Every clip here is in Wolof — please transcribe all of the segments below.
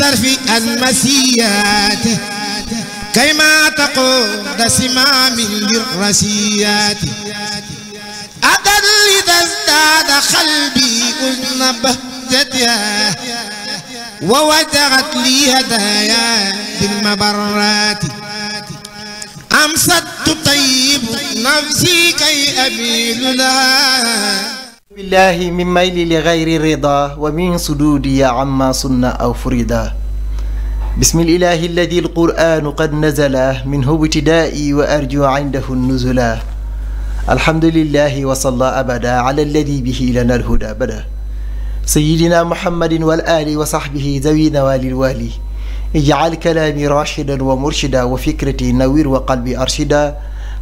صرف المسيات كيما تقود سمام للرسيات أدل إذا ازداد قلبي أذن بهجتها ووجهت لي هدايا بالمبرات أمسدت طيب نفسي كي أبيل لها billahi min mayli li gayri rida wa min suduudi ya amma sunna aw furida bismi lilahi alladi alquranu qad nazala minhu ibtidaai wa arju indahu nuzula alhamdulillahi wa salla abada ala alladi bihi lana alhuda bada sayidina muhammadin wal ali wa saxbihi zawi nawalil wali ijcal kalaami rashidan wa murshida wa fikrati nawir wa qalbi arshida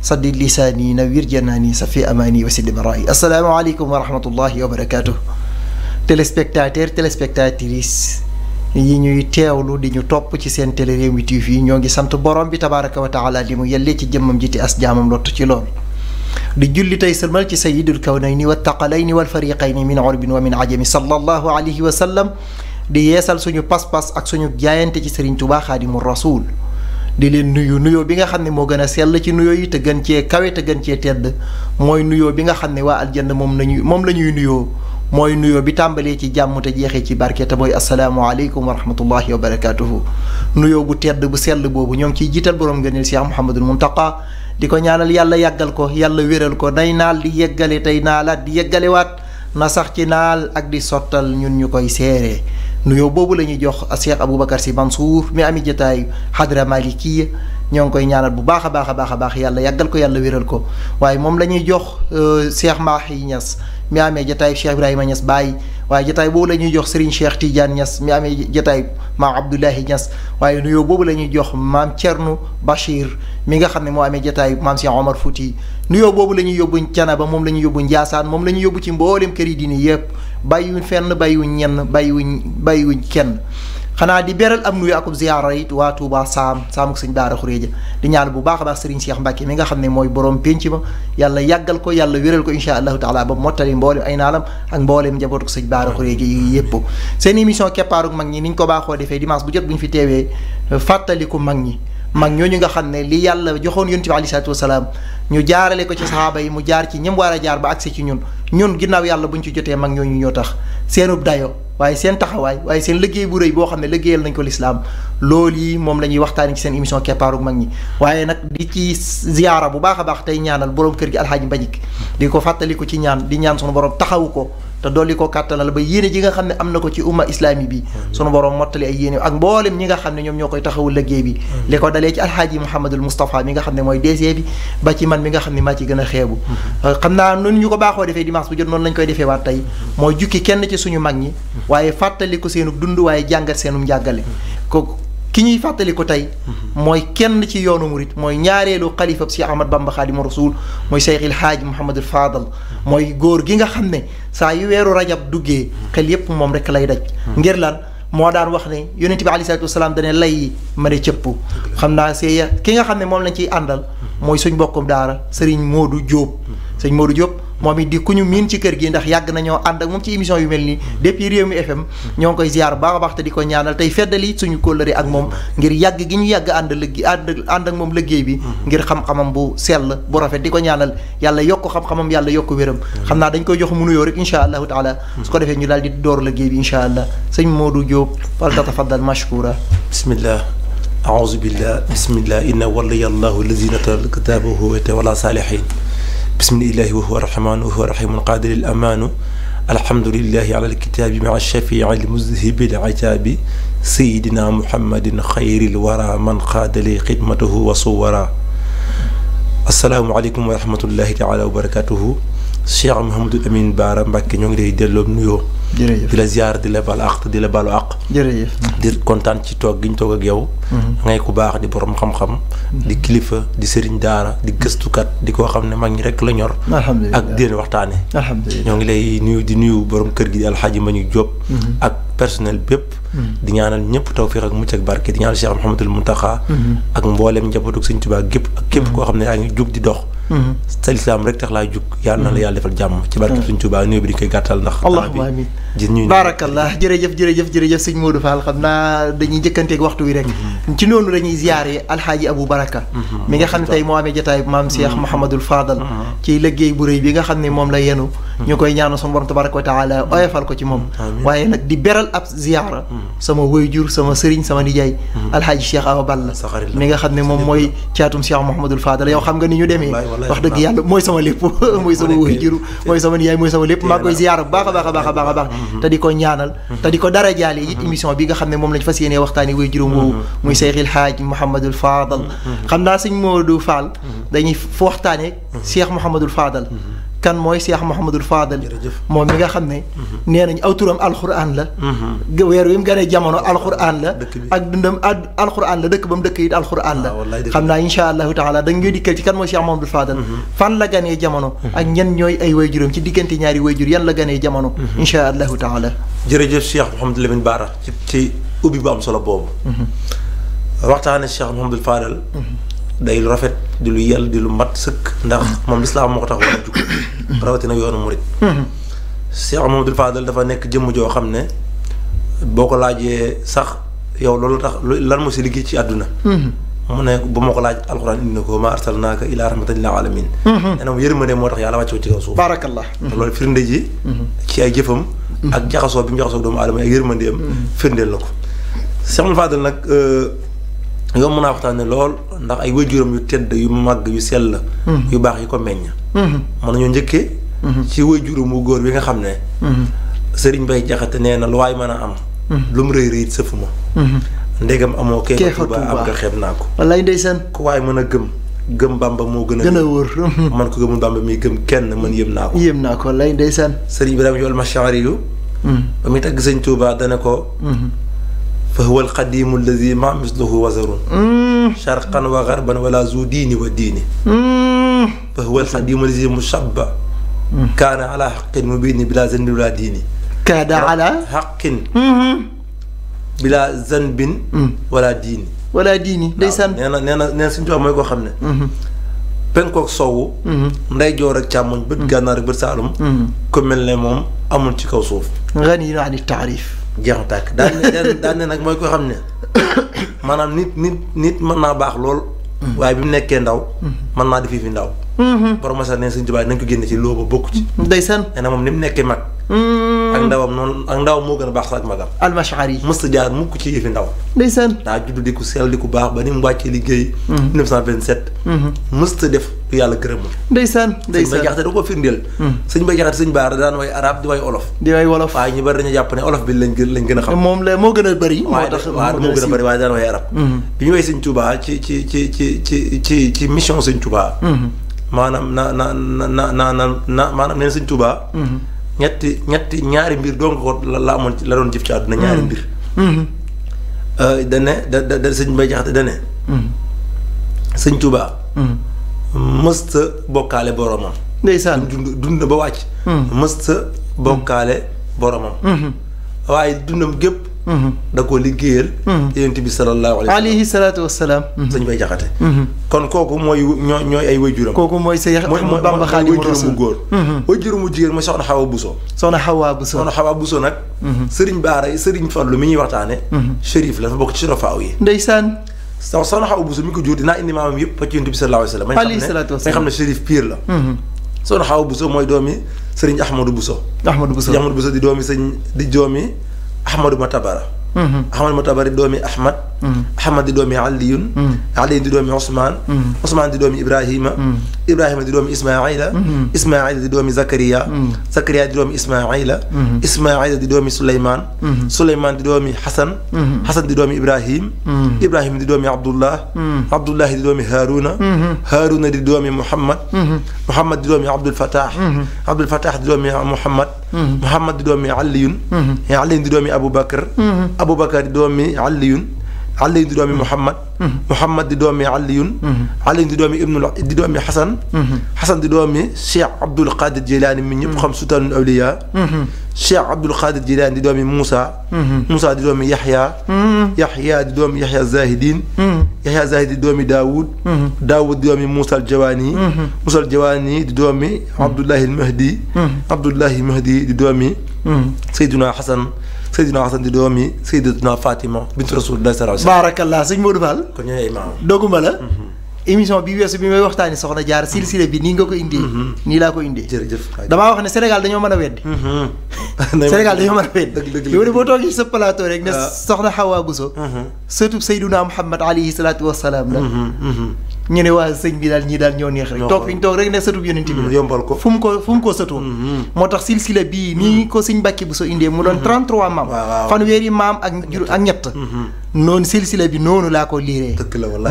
saddi lisaani na wir janaani sa fi amaani wasidi baraay asalaamaaleykum wa rahmatullahi wa barakaatu. téléspectateur téléspectatrice yi ñuy teewlu di ñu topp ci seen télé Rewmi TV ñoo ngi sant borom bi tabaaraka wa taala li mu yellee ci jëmmam ji te as jaamam lott ci lool di julli tey sëlmal ci sayidul kawnayni wa taqalayni wal fariqayni min urbin wa min ajami sallallahu alayhi wa sallam di yeesal suñu pas-pas ak suñu jaayante ci Serigne Touba Xaadimu Rasuul di leen nuyu nuyoo bi nga xam ne moo gën a sell ci nuyoo yi te gën cee kawe te gën cee tedd mooy nuyoo bi nga xam ne waa aljanna moom lañuy moom la nuyoo mooy nuyoo bi tàmbalee ci jàmm te jeexee ci barke te mooy asalaamaaleykum wa rahmatullahi wa barakaatuhu nuyoo bu tedd bu sell boobu ñoo ngi ciy jiital borom ngëneel Cheikh Mouhamadul Muntaqa di ko ñaanal yàlla yàggal ko yàlla wéral ko day naal di yeggale tey naalaat di yeggalewaat na sax ci naal ak di sottal ñun ñu koy seeree nuyoo boobu la ñuy jox Cheikh Aboubacar Sy Mansour mi ami jataayu xadra malikiya ñoo ngi koy ñaanal bu baax a baax a baax a baax yàlla yàggal ko yàlla wéral ko waaye moom la ñuy jox euh, Cheikh Mahi Niass mi amee jataayu Cheikh Ibrahima Niass bàyyi waaye jataay boobu la ñuy jox Serigne Cheikh Tidiane ñas mi amee jataay maam Abdoulahi ñas waaye nuyoo boobu la ñuy jox maam Thierno Bachir mi nga xam ne moo amee jataay maam Cheikh Omar Fouti nuyoo boobu la ñuy yóbbu Canaba moom la ñuy yóbbu Ndiassane moom la ñuy ci mboolem kër yi diine yépp bàyyiwuñ fenn bàyyiwuñ ñenn bàyyiwuñ bàyyiwuñ kenn xanaa di beral am nuyu akub ziyaara it waa Touba saam saamuk sëñ Daara Xuréeja di ñaan bu baax a baax Serigne Cheikh Mbacke mi nga xam ne mooy borom pénc ma yàlla yàggal ko yàlla wéral ko incha allahu taala ba mottali mboolem ay naalam ak mboolem njabootu ko sëñ Daara Xuréeja yi yëpp seen émission keppaaruk mag ñi ni niñ ko baaxoo defee dimanche bu jot bu ñu fi teewee fàttaliku mag ñi mag ñooñu nga xam ne li yàlla joxoon yonent bi aleyhi salaatu wasalaam ñu jaarale ko ci saxaaba mu jaar ci ñëm war jaar ba agsi ci ñun ñun ginnaaw yàlla buñ ci jotee mag ñooñu ñoo tax seenub dayo waaye seen taxawaay waaye seen liggéey bu rëy boo xam ne liggéeyal nañ ko lislaam loolu yi moom la ñuy waxtaani ci seen émission keppaaru mag ñi waaye nag di ci ziyaara bu baax a baax tey ñaanal borom kër gi alxaaji mbajik di ko fàttaliku ci ñaan di ñaan suñu borom taxawu ko te dolli ko kàttanal ba yéene ji nga xam ne am na ko ci umma islami bi sunu borom mottali ay yéene ak mboolem ñi nga xam ne ñoom ñoo koy taxawu liggéey bi li ko dalee ci alxaaji mouhamadul moustapha mi nga xam ne mooy DG bi ba ci man mi nga xam ne maa ci a xeebu xam naa noonu ñu ko baaxoo defee dimanche bu jot noonu lañ koy defee waat tey mooy jukki mag ñi waaye fàttaliku seenu dund waaye jàngat seenum njàggale ko ki ñuy fàttali ko tey mooy kenn ci yoonu murit mooy ñaareelu xalifab si Ahmad Bamba Xaadimu Rasuul mooy Seyxil Xaaj Muhammadul Faadal mooy góor gi nga xam ne saa yu weeru rajab duggee xel yépp moom rek lay daj ngir lan moo daan wax ne yonent bi aleyhi salaatu wasalaam dane lay ma a cëpp xam naa see ki nga xam ne moom lañ ciy àndal mooy suñ bokkum daara sëriñ Moodu Jóob sëriñ Moodu Jóob moom it di ku ñu miin ci kër gi ndax yàgg nañoo ànd ak moom ci émission yu mel nii depuis Rewmi FM ñoo ngi koy ziar baax a baax te di ko ñaanal tey feddali suñu kóllëre ak moom ngir yàgg gi ñu yàgg ànd liggéey ànd ak moom liggéey bi ngir xam-xamam bu sell bu rafet di ko ñaanal yàlla yokk xam-xamam yàlla yokk wéram xam naa dañ koy jox mu nuyoo rek insha allahu taala su ko defee ñu daal di door liggéey bi insha allah sëñ Modou Diop fal tatafaddal mashkura bismillah aouzu billah bismillah inna waliyallahu allazina kitabahu wa tawalla salihin bismillahi wa huwa rahmaan wa huwa rahimun qaadir al amaanu alhamdulillahi ala alkitaabi maa shafii al muzhibi al ajaabi sayidina muhammadin xayril wara man xaadali xidmatahu wa suwara asalaamualeykum wa rahmatullahi taala wa barakatuhu cheikh Mouhamadul Amine Baara Mbàkke ñoo ngi lay delloo nuyoo jërëjëf di la ziar di la baal àq di la baalu àq. jërëjëf di kontaan ci toog gi ñu toog ak yow. Mhm. ngay ku baax di borom xam-xam. Mhm. di kilifa di sëriñ daara di gëstukat di koo xam ne mag ñi rek la ñor. alhamdulilah ak di leen waxtaanee. alhamdulilah ñoo ngi lay nuyu di nuyu borom kër gi di alxaaji ma ñu Jóob ak personnel bépp. Mhm. di ñaanal ñëpp tawfiq ak mucc ak barke di ñaanal Cheikh Mouhamadul Mountakha. ak mboolem njabootu Sëriñ Tuubaa gépp képp koo xam ne yaa ngi jug di dox. Mm-hmm. sa lislaam rek tax laa jug yàlla na la mm-hmm. yàlla defal jàmm ci barke suñ Tuubaa néew bi dañ koy gàttal ndax allahumma amin gis ñu baarakallah jërëjëf jërëjëf jërëjëf sëñ Modou Fall xam naa dañuy jëkkanteeg waxtu wi rek mm-hmm. ci noonu dañuy ziyaare alxaaji Abou Baraka mi nga xam ne tey moo amee jotaay maam Cheikh Mouhamadul Fadal ci liggéey bu rëy bi nga xam ne moom la yenu ñu koy ñaanu sama borom tabaraka wa taala oyofal ko ci moom waaye nag di beral ab ziyaara sama wayjur sama sëriñ sama nijaay alxaaji Cheikh Awa Balla mi nga xam ne moom mooy caatum Cheikh Mouhamadul Fadal yow xam nga ni ñu demee wax dëgg yàlla mooy sama lépp mooy sama waajur mooy sama niyaay mooy sama lépp maa koy ziyaara bu baax a baax a baax a baax a baax mm-hmm. te di ko ñaanal mm-hmm. te di ko dara jaale it émission bi nga xam ne moom lañ fas yéenee waxtaani waajuram woowu mm-hmm. muy Seyxil Xaaj Mouhamadul Fadal xam naa sëñ Modou Fall dañuy waxtaane Cheikh Mouhamadul Fadal kan mooy Cheikh Mouhamadul Fadal moom mi nga xam ne mhm. nee aw turam alxuraan la mhm. weer wi mu gënee jamono alxuraan la ak dundam a alxuraan la dëkk ba mu dëkk it alxuraan la ah, xam naa insha allahu taala dañ ngay dikkal ci kan mooy Cheikh Mouhamadul Fadal mhm. fan la gënee jamono ak ñen ñooy ay wayjuram ci diggante ñaari wayjur yan la gënee jamono insha allahu taala jërëjëf Cheikh Mouhamadul Lamine Bara ci ci ubbi bu am solo boobu waxtaane Cheikh day lu rafet di lu yel di lu mat sëkk ndax hmm. moom lislaam moo ko tax war a jug hmm. rawatina yoonu murit hmm. Cheikh ne boo ko laajee sax yow loolu tax lan moo si liggéey ci àdduna mu ne bu ma ko laaj alxuraan indi na ko ma arsalnaaka ilaa rahmatan lil alamin nee na mu yërmande moo tax yàlla ay jëfam ak jaxasoo bi mu jaxasoo doomu aadama yërmandeem firndeel na ko Cheikh Mamadou Fadal nag euh, yow mën naa waxtaane lool ndax ay waajuram yu tedd yu màgg yu sell la mhm. yu baax yi ko meññ mhm. mën nañoo njëkkee mhm. ci waajuram wu góor bi nga xam ne sëriñ Bay Jaxate nee na lu waay mën a am lu rëy rëyit sëfu ma ndegam amoo kee ba am nga xeeb naa ko wallaay ndeysaan ku waay mën a gëm gëm bamba moo gën a gën a wóor man ma chanri ba muy tagg sëñ Tuubaa dana ko fa huwa alqadimu alladi diini wa diini fa huwa alqadimu alladi mushabba kaana ala kaana ala xaqin bila zanbin wala diini wala diini ndeysaan nee na jox mooy koo xam ne penkook sowwu ndeyjoor ak càmmoñ bët gànnaar ak bët saalum ku mel ne moom amul ci kaw suuf ganiyyun ani taarif jeexu tàkk daan daan ne nag mooy ko xam ne maanaam nit nit nit mën naa baax lool. Mm-hmm. waaye bi mu nekkee ndaw. Mm-hmm. mën naa di fi fi ndaw. Mm-hmm. borom ma sax ne sëñ Tuubaa nañ ko génne ci loo ba bokk ci. ndeysaan nee na moom ni mu nekkee mag. Mm. ak ndawam noonu ak ndawam moo gën a baax sax ak magam. almashari mës a jaar mukk ci a bari a moo gën a bari. a waaye daan way arab. Mm-hmm. bi ñu way sëñ Touba ci ci ci ci ci mission sëñ Touba. Mm-hmm. maanaam na na na na na maanaam neen sëñ Touba mm-hmm. ñetti ñetti ñaari mbir donc ko la amoon la doon jëf ci àdduna ñaari mm. mbir. Mm-hmm. Euh, dane da da da sëñ Jaxate dane mm. sëñ Tuubaa mm. mësta bokkaale boromam. ndeysaan dund dund ba wàcc. mësta bokkaale boromam. Mm-hmm. waaye dundam gépp Mm-hmm. da koo liggéeyal. Mm-hmm. yonent bi sallallahu alayhi salaatu wa salaam. Mm-hmm. sëñ bay jaxate. kon kooku mooy ñoo ñooy ay wayjuram. kooku mooy sa yax mooy Bamba Xaadimu Rasuul góor. wayjuram mu jigéen mooy soxna Xawa Buso. soxna Xawa Buso soxna Xawa Buso nag. Serigne Baara Serigne Fallu mi ñuy waxtaane. Chérif la dafa bokk ci surafaaw yi. ndeysaan. so soxna Xawa Buso mi ko jur dinaa indi maamam yëpp ba ci yonent bi sallallahu alayhi salaam. may xam ne Chérif pire la. soxna Xawa Buso mooy doomi Serigne Ahmadou Buso. Ahmadou Buso di doomi sëñ di doomi Ahmadou Matabara. Mm-hmm. Ahmadou Matabara doomi Ahmad. Ahmad di doomi Aliyun Aliyun di doomi Ousmane Ousmane di doomi Ibrahima Ibrahima di doomi Ismaila Ismaila di doomi Zakariya Zakariya di doomi Ismaila Ismaila di doomi Souleymane Souleymane di doomi Xasan Xasan di doomi Ibrahim Ibrahim di doomi Abdullah Abdullah di doomi Haruna Haruna di doomi Muhammad Muhammad di doomi Abdul Fatah Abdul Fatah di doomi Muhammad Muhammad di doomi Aliyun Aliyun di doomi Aboubacar Aboubacar di doomi Aliyun Ali di doomi Muhammad Muhammad di doomi Aliyun Ali di doomi Ibnul di doomi Xasan Xasan di doomi Cheikh Abdul Qadir Jilaani mi ñëpp xam sultaanul awliya Cheikh Abdul Qadir Jilaani di doomi Moussa Moussa di doomi Yaxya Yaxya di doomi Yaxya Zahidin Yaxya Zahidin di doomi Daawud Daawud di doomi Moussa Aljawaani Moussa Aljawaani di doomi Abdullahi Almahdi Abdullahi Mahdi di doomi Seyduna Xasan Seydina Hasan di doomi Seydatuna Fatima bintu Rasulullah sallallahu alayhi baarakallah sëñ Modou Fall. kon ñooy la. Mhm. émission bi weesu bi may waxtaani soxna jaar mhm. silsile bi nii nga ko indee. Mhm. nii laa ko indee. jërëjëf damaa wax ne Sénégal dañoo mën a weddi. Sénégal dañoo mën a weddi. dëgg dëgg yow de boo toogee sa plateau rek ne ah. soxna Hawa Bousso. sëtu Seydina Muhammad alayhi salaatu wa salaam la. ñu ne waa sëñ bi daal ñii daal ñoo neex rek toog fi ne sëtub yonent bi mm, yombal ko fu mu ko fu mu ko sëtoo mm-hmm. moo tax silsila bii nii mm. ko sëñ Mbàkke bu soo indee mu doon 33 mm-hmm. maam fanweeri maam ak ak ñett mm-hmm. noonu silsile bi noonu laa ko liiree.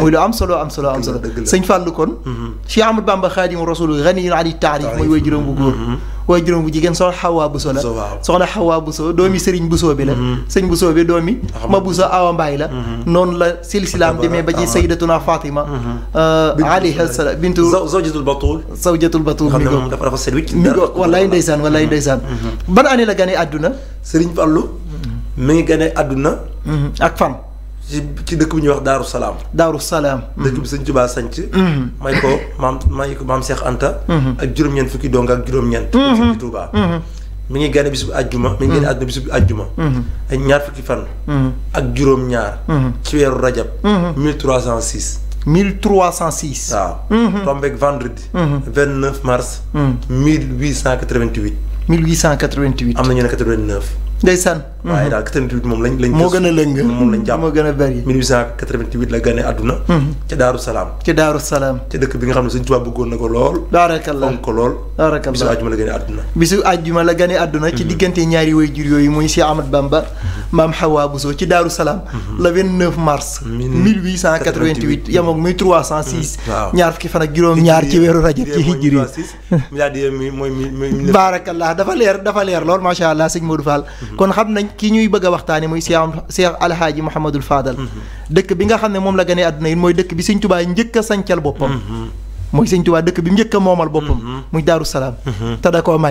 muy lu am solo am solo am solo. sëñ Fallou kon. Mhm. Cheikh Ahmad Bamba Xaadimu Rasul ganiyyun ani taarif mooy way juróom bu góor. Mhm. way juróom bu jigéen soxna Xawa Buso la. soxna Xawa Buso doomi Serigne Buso bi la. Mhm. sëñ Buso bi doomi ma Buso Awa Mbaay la. noonu la silsilaam demee ba ci Sayyidatuna Fatima. Euh, alayha salaam bintu Zawjatul Batul. Zawjatul Batul mi ko dafa dafa sedd mi ko wallaay ndeysaan wallaay ndeysaan. ban année la gane àdduna. Serigne Fallou mi gane àdduna. ak fan. ci ci dëkk bu ñuy wax Daaru Salaam. Daaru Salaam. dëkk bi sëñ Tuubaa sanc mhm. may ko maam may ko maam Cheikh Anta. Mhm. ak juróom-ñeent fukki dong ak juróom-ñeent. fukki mhm. Tuubaa. mi ngi génn bis bu àjjuma mi ngi génn àdduna bis bu àjjuma. ay ñaar fukki fan. ak juróom-ñaar. ci weeru rajab. 1306. 1306. waaw. tombeeg vendredi. 29 mars. 1888. 1888. am na ñu ne 89. ndeysaan. waaye daal 88 moom lañ lañ. moo gën a lëng moom lañ jàpp moo gën a bëri. 1888 la gane àdduna. Mhm. ca Daaru Salaam. ca Daaru Salaam. ca dëkk bi nga xam ne Sëñ Tuubaa bëggoon na ko lool. baarakallah fonk ko lool. baarakallah bisu àjjuma la gane àdduna. bisu àjjuma la gane àdduna. ci mhm. diggante ñaari waajur yooyu muy Cheikh Ahmad Bamba. Mhm. maam Hawa Bousso ci Daaru Salaam. le 29 mars. 1888 yam ak muy 306. waaw ñaar fukki fan ak juróom-ñaar ci weeru rajab ci hijri. baarakallah dafa leer dafa leer lool macha allah sëñ Modou Fall kon xam nañ ki ñuy bëgg a waxtaane muy Cheikh Cheikh Alhaaji Mouhamadul Fadal mhm. dëkk bi nga xam ne moom la gane àdduna yi mooy dëkk bi Sëñ Tuubaa njëkk a sancal boppam mhm. mooy Sëñ Tuubaa dëkk bi njëkk a moomal boppam mhm. muy Daaru Salaam te da xam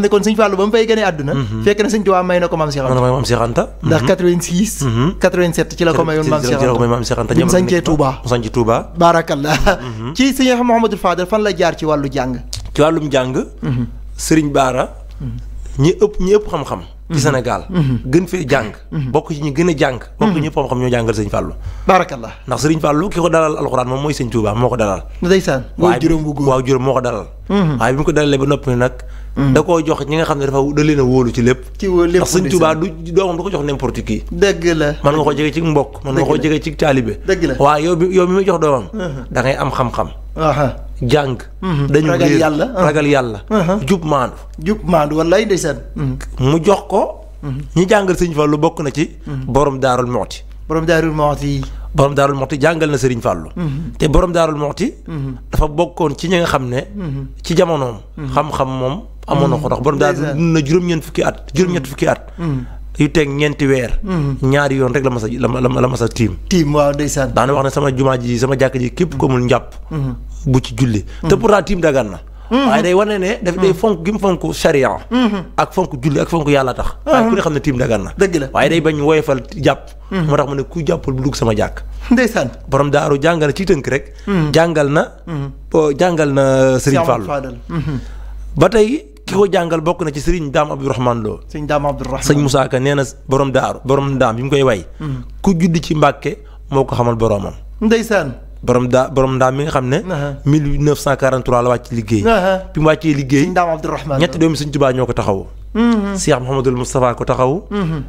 ne kon Sëñ Fallu ba mu fay gane àdduna fekk na Sëñ Tuubaa may na ci la ko mayoon maam mu sancee Tuubaa baarakallah ci Sëñ Mouhamadul Fadal fan la jaar ci wàllu jàng ci wàllum jàng Sëriñ Baara ñi ëpp ñi ëpp xam-xam. ci mhm. Sénégal. Mhm. gën fee jàng. Mhm. bokk ci ñi gën a jàng. bokk ñi ëpp xam-xam ñoo jàngal sëñ Fallou. barakallah ndax sëriñ Fallou ki ko dalal alxuraan moom mooy sëñ Touba moo ko dalal. waaye bi mu ko dalalee ba noppi nag. da koo jox ñi nga xam ne dafa da leen a wóolu ci lépp. ci wóolu lépp ndax sëñ Touba du doomam du ko jox n'importe qui. dëgg la mën nga koo jege ci mbokk. dëgg nga koo jege ci taalibe. dëgg yow bi yow mi muy jox doomam. da am xam-xam jàng. Mhm. dañu ragal yàlla mhm. ragal yàlla. Mhm. jub maandu. jub maandu wallaay ndeysaan. mu jox ko. ñi jàngal sëñ Fallou bokk na ci. borom daarul moxti. borom daarul moxti. borom daarul moxti jàngal na sëriñ Fallou. te borom daarul moxti. dafa bokkoon ci ñi nga xam ne. ci jamonoom. xam-xam moom amoon na ko ndax borom daarul dund na juróom-ñeent fukki at juróom-ñett fukki at. yu teg ñeenti weer. ñaari yoon rek la mas a la la la a tiim. tiim waaw ndeysaan. daana wax ne sama jumaa ji sama jàkk ji képp bu ci julli. te pourtant tiim dagan na. Hmm. waaye day wane ne daf day hmm. fonk gi mu fonk charia hmm. ak fonk julli ak fonk yàlla tax waaye ku ne xam ne tiim dagan na dëgg la waaye day bañ woyefal jàpp moo tax mu ne ku jàppul bu dugg sama jàkk ndeysaan borom daaru jàngal ci tënk rek jàngal na jàngal na Serigne Fallou ba tey ki ko jàngal bokk na ci Serigne Dame Abdourahmane Lo Serigne Dame Abdourahmane Sëñ Moussa Ka nee na borom daaru borom daam yi mu koy way ku judd ci Mbàkke moo ko xamal boromam ndeysaan borom daa borom ndaam mi nga xam ne. 1943 la wàcc liggéey. bi mu wàccee liggéey. ndaam Abdourahmane ñetti doomi Sëriñ Tuubaa ñoo ko taxawu. Mhm. Cheikh Mouhamadul Moustapha ko taxawu. Mhm. Mhm.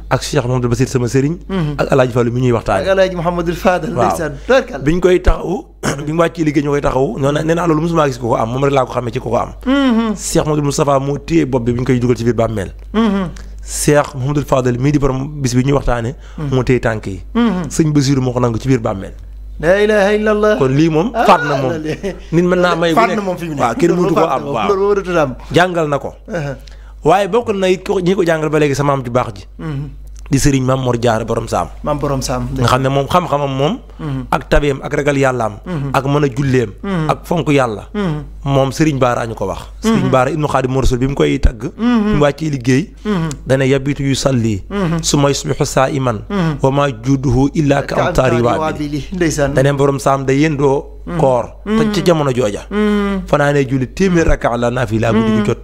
bi mu wàccee liggéey ñoo koy taxawu. nee naa loolu mosuma gis ko ko am moom rek laa ko xamee ci ko ko am. Cheikh Mouhamadul Moustapha moo téye bopp bi bi ñu koy dugal ci biir bàmmeel. Cheikh Mouhamadul Fadal mii di borom bis bi ñuy waxtaanee. moo téye tànk yi. sëñ Basiru moo ko nangu la ilaha illallah kon lii moom ah, faat na moom nit mën naa may faat na moom fi mu ne waaw kenn mënatu koo am waaw jàngal na ko uh-huh. waaye bokk na it ñi ko jàngal ba léegi sama am ju baax ji mm-hmm. di sëriñ maam Mor Jaara borom saam. maam borom saam nga xam ne moom xam-xamam moom. Mhm. ak tabeem ak ragal yàllaam. Mhm. ak mën a julleem. Mhm. ak fonk yàlla. moom sëriñ Baara ñu ko wax. sëriñ Baara ibnu Xaadim Rasul bi mu koy tagg. mu wàccee liggéey. dana yabitu yu salli. su ma yusbihu saa iman. wa maa juduhu illaa ka amtaari waabili ndeysaan daneen borom saam day yëndoo koor. te ca jamono jooja. fanaanee julli téeméer rakka la naafila guddi gu jot.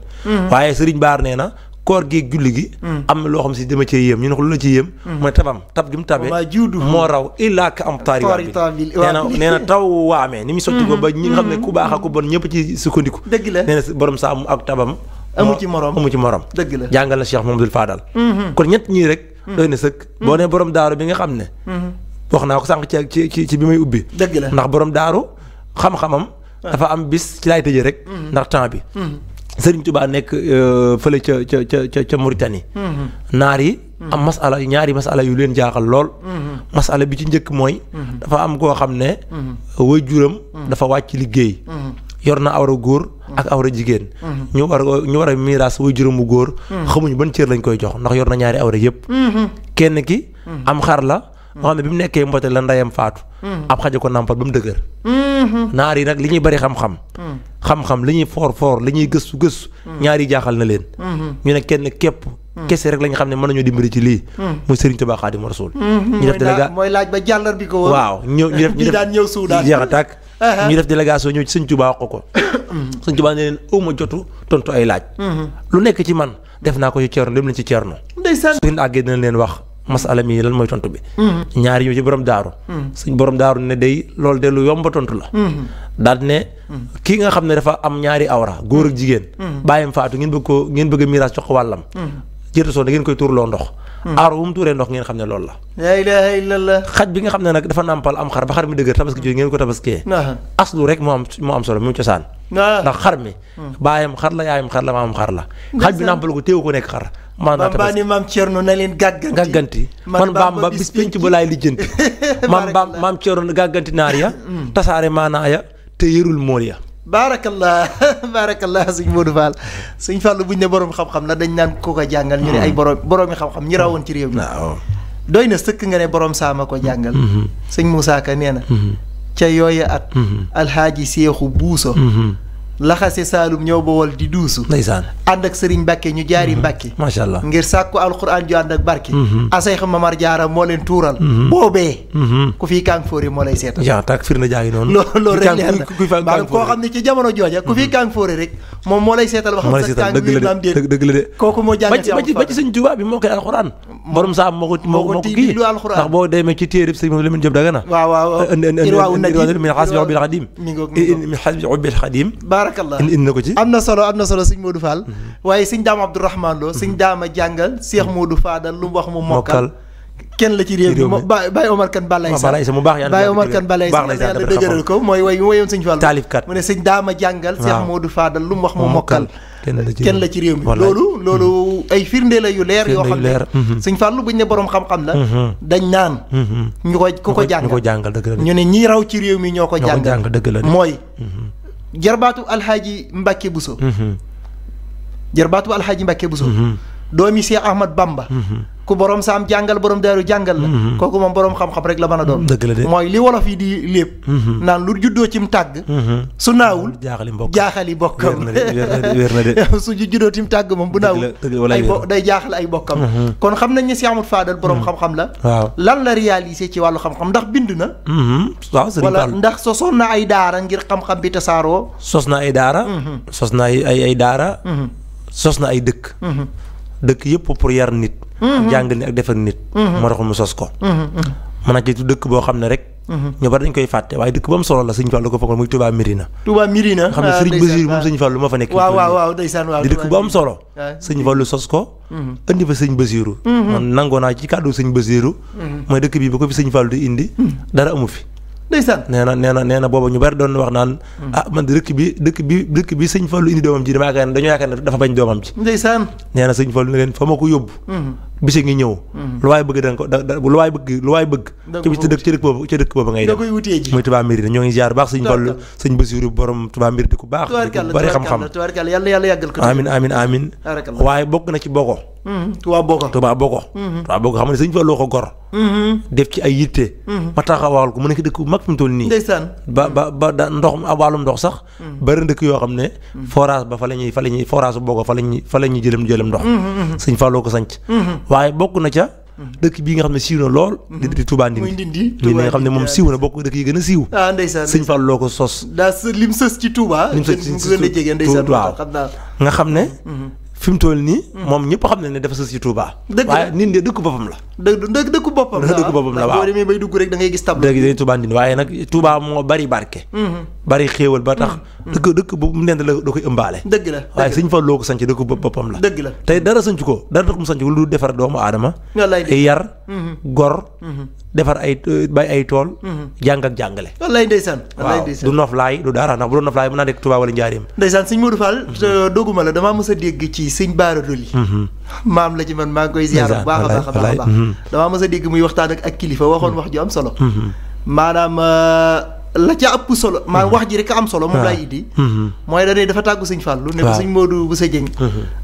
waaye sëriñ Baara nee na. koor gi julli gi. Hmm. am na loo xam si dama cee yéem ñu ne ko lu la ci yéem. Hmm. mooy tabam tab gi mu tabee. moo raw illaa ka am taari waa ni mu sotti ko ba hmm. ñi nga xam ne ku baax ak ku bon ñëpp ci sukkandiku. dëgg la nee na borom saa ak tabam. amu ci morom amu ci morom. dëgg la jàngal na Cheikh Mamadou Fadal. kon ñett ñii rek. doy na sëkk. boo nee borom daaru bi nga xam ne. wax naa ko sànq ci ci ci bi may ubbi. ndax borom daaru xam-xamam. Ah. dafa am bis ci laay tëjee rek. ndax temps Sëriñ Tuubaa nekk euh, fële ca ca ca ca Mauritanie. Mhm. naar yi am mhm. masala ñaari masala yu leen jaaxal lool. Mhm. masala bi ci njëkk mooy. dafa am koo xam ne. waajuram dafa wàcc liggéey. yor na awra góor ak awra jigéen. ñu war ñu war a miiras waajuram bu góor. xamuñu ban cër lañ koy jox ndax yor na ñaari awra yëpp. kenn ki. am xar la. moo xam ne bi mu nekkee mbote la ndeyam faatu. ab xaja ko nàmpal ba dëgër. naar yi nag li ñuy bari xam-xam. xam-xam li ñuy foor foor li ñuy gëstu gëstu. Hmm. ñaari jaaxal na leen. Hmm. ñu ne kenn képp. Hmm. kese rek lañ xam ne mën nañoo dimbali ci lii. muy Serigne Touba Xaadimu Rasuul. ñu def déléga mooy laaj ba jàllar bi ko. waaw ñëw ñu def ñu def daan ñëw Soudan jeex a tàkk uh-huh. ñu def délégation ñëw ci sëñ Touba wax ko. sëñ Touba ne leen awma jotu tontu ay laaj. lu nekk ci man def naa ko ci Thierno dem nañ ci Thierno. ndeysaan su ngeen àggee dinañ leen wax. masala mii lan mooy tontu bi. Mm-hmm. ñaar ñu ci borom daaru. Mm-hmm. suñ borom daaru ne day loolu de lu yomba tontu la. Mm-hmm. daal ne kii nga xam ne dafa am ñaari awra góor ak jigéen. bàyyam faatu ngeen bëgg ko ngeen bëgg a miiraas jox ko wàllam. jërëjëf soo da ngeen koy tuurloo ndox. aaro bu mu tuuree ndox ngeen xam ne loolu la. la ilaha xaj bi nga xam ne nag dafa nàmpal am xar ba xar mi dëgër tabaski jooju ngeen ko tabaskee. aslu rek moo am moo am solo mu cosaan. ndax xar mi baayam xar la yaayam xar la maamam xar la xaj bi nàmpal ko téew ko nekk xar maanaam baa ni maam Thierno na leen gàgganti gàgganti man baam ba bis pénc ba laay lijjanti man baam maam Thierno gàgganti naar ya mm. tasaare maanaa ya te yërul mool ya baarakallah baarakallah sëñ Modou Fall sëñ Fall buñ ne borom xam-xam la dañ naan ko ko jàngal ñu ne mm. ay borom boroomi xam-xam ñi rawoon ci réew mi doy na sëkk nga ne borom saama ko jàngal mm-hmm. sëñ Moussa Ka nee na mm-hmm. ca yooyu at mm-hmm. alxaaji seexu buuso laxase saalum ñëw ba wol di duusu ndeysaan ànd ak sëriñ Mbàkke ñu jaari mhm. Mbàkke macha allah ngir sàkku alxuraan ju ànd ak barke mhm. asayx mamar jaara moo leen tuural mhm. boobee ku fii kàng moo lay seetal yaa tak fir na jaay noonu loolu loolu rek leer na maanaam koo xam ne ci jamono jooja ku fii kàng rek moom moo lay seetal ba xam sa tàng dëgg la de dëgg la de kooku moo jàng ba ci sëñ Tuubaa bi moo koy alxuraan borom saa moo ko moo ko kii ndax boo demee ci téerib sëñ moom la mun jëm na waaw waaw min xasbi ubbil xadim min xasbi ubbil xadim baarakallah indi na ko ci am na solo am na solo sëñ Modou Fall mhm. waaye sëñ Daam Abdourahmane Lo sëñ mhm. Daama jàngal Cheikh mhm. Modou Fadal lu mu wax mu mokkal kenn la ci réew mi moom Baye Omar Kane Balaye Sa mu baax yàlla Baye Omar Kane Balaye Sa yàlla dëgëral ko mooy way wayoon sëñ Fall taalifkat mu ne sëñ daama jàngal Cheikh Modou Fadal lu mu wax mu mokkal kenn la ci réew mi loolu mm-hmm. loolu ay firnde la yu leer yoo xam ne mm-hmm. sëñ Fallu buñ ne borom xam-xam la mm-hmm. dañ naan ñu ko ku ko jàngal ñu ne ñi raw ci réew mi ñoo ko jàngal dëgg la mooy jarbaatu alxaaji Mbàkke Buso jarbaatu alxaaji Mbàkke Buso doomi Cheikh Ahmad Bamba mhm. ku borom saam jàngal borom daaru jàngal la mhm. kooku moom boroom xam-xam rek la mën a doon mooy li wolof yi di lépp mhm. naan lu juddoo mu tàgg su naawul jaaxali bokkam su juddoo cim tàgg moom bu naawul ay day jaaxal ay bokkam kon xam nañ ne si Amadou Fadal borom xam-xam la waaw lan la réalisé ci wàllu xam-xam ndax bind na waaw wala ndax soon na ay daara ngir xam-xam bi tasaaroo sos na ay daara sos na ay ay daara sos na ay dëkk dëkk yëpp pour yar nit. Mhm. jàngal nit ak defar nit. Mhm. moo taxul mu sos ko. Mhm, mën a jiitu dëkk boo xam ne rek. ñu bari dañ koy fàtte waaye dëkk ba mu solo la sëñ Fallu ko fonkoon muy Touba Mirina. Touba Mirina xam ne ah, sëriñ Basiir moom sëñ Fallu ma fa nekk. di dëkk bu am solo. Ah. sëñ Fallu sos ko. indi fa sëñ Basiiru. man ci kàddu sëñ Basiiru. mooy dëkk bi ba ko fi sëñ Fallu di indi. dara amu fi. ndeysaan nee na nee na nee na booba ñu bari doon wax naan mm-hmm. ah man de dëkk bi dëkk bi dëkk bi sëñ Fallou indi doomam ji dama yaakaar ne dañoo yaakaar ne dafa bañ doomam ji ndeysaan nee na sëñ Fallou ne leen fa ma ko yóbbu mm-hmm. bis ngi ñëw. Mm-hmm. lu waay bëgg da nga ko da lu waay bëgg lu waay bëgg. ci dëkk ci dëkk boobu ci dëkk boobu ngay dem da koy wutee ji. muy Touba Mérina ñoo ngi ziar baax sëñ Fallu sëñ Basiru borom Touba Mbir di ku baax. tubaarkàlla bari xam-xam tubaarkàlla yàlla yàlla yàggal ko. amiin amiin amiin. waaye ko sanc mm-hmm. waaye bokk na ca. dëkk bii nga xam ne siiw na lool. Mhm. di Touba Ndindi Ndindi nga xam ne moom siiw na bokk dëkk yi gën a siiw. ah ndeysaan sëñ loo ko sos. daa lim sës ci Touba. lim sës ci Touba nga xam ne. Mhm. fi mu toll nii. moom ñëpp xam nañ ne dafa sës ci Touba. waaye nit ñi dëkku boppam la. dë dëkku boppam la waaw boo da ngay gis tab. dëgg day Touba waaye nag Touba moo bari barke. Mhm. bari xéewal ba tax. Mhm. dëkk dëkk bu mu nend la da koy ëmbaale. dëgg la waaye suñ fa loo sanc dëkku boppam la. dëgg la tey dara sanc ko dara tax mu sanc ko lu defar doomu aadama. yar. gor. defar ay bay ay tool. jàng ak jàngale. wallaay ndeysaan. waaw du noflaay du dara ndax bu doon noflaay mën naa nekk Touba wala Njaaréem. ndeysaan sëñ Modou Fall. dogguma la damaa mës a dégg mhm. maa ngi koy ziar bu a a baax a baax. Mhm. damaa a dégg muy waxtaan ak ak kilifa waxoon wax ju am solo. Mhm. maanaam euh, la ca ëpp solo maa wax ji rek am solo moom laay ah. indi. mooy dañuy dafa tàggu sëñ Fall. waaw ne ko sëñ Modou bu sa jëng.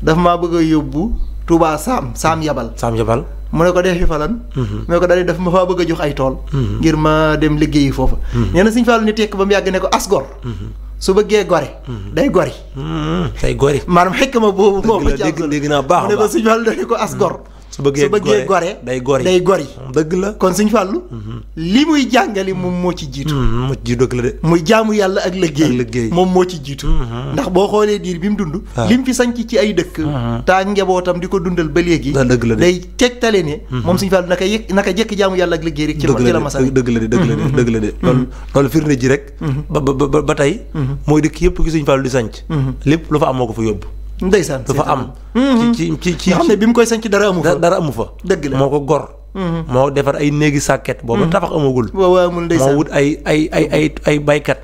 daf maa bëgg a yóbbu Touba Saam Saam Yabal. Saam Yabal. mu ne ko dee fi falan mhm. mu ne ko daal di def ma faa bëgg a jox ay tool mhm. ngir ma dem liggéeyi foofa mhm. nee na suñ fàllu ni tekk ba mu yàgg ne ko asgor su bëggee gore day gori day gori maanaam xekk ma boobu moo ko ci dégg naa baax mu ne ko suñ fàllu ne ko asgor su bëggee gore day gor day gor yi dëgg mm-hmm. la kon suñ fàllu mm-hmm. li muy jàngale moom moo ci jiitu moo mm-hmm. ci jiitu dëgg la de muy jaamu yàlla ak moo ci jiitu ndax boo xoolee diir bi mu dund ah. lim fi sanc ci ay dëkk taa njabootam di ko dundal ba léegi ah, dëgg la de day tegtale ne moom suñ fàllu naka yëg naka jekk jaamu yàlla ak liggéey rek ci la masal dëgg la de dëgg la de dëgg la de loolu loolu firnde ji rek ba ba fàllu di sanc lépp lu fa am ko fa yóbbu ndeysaan dafa am. Mhm. ci ci ci xam ne bi mu koy sañ ci dara amu fa. dara amu fa. dëgg la moo ko gor. Mhm. moo defar ay néegi sàkket. booba mhm. tabax amagul. booba amul ndeysaan moo wut ay ay ay ay ay baykat.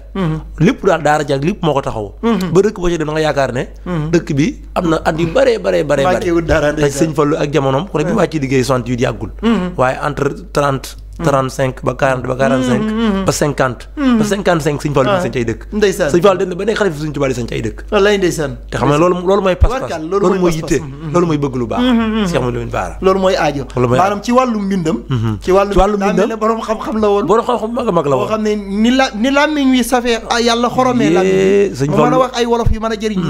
lépp daal daara jàng lépp moo ko taxaw. ba dëkk boo ci dem da nga yaakaar ne. dëkk bi am na at yu bëree bëree bëree. bànqee wut dara ndeysaan te ak jamonoom. ku bi wàcc liggéey soixante-huit yàggul. waaye entre trente. 35 mm-hmm. ba 40 mm-hmm. mm-hmm. ba 45. ba 50. ba 55 Sëñ Fall di sañ ci ay dëkk. ndeysaan Sëñ Fall dem ba nekk xalifa Sëñ Tuubaa di sañ ci ay dëkk. wallaay ndeysaan. te xam ne xam-xam la woon. borom a mag la woon. la ni a ay wolof yu mën a jëriñ.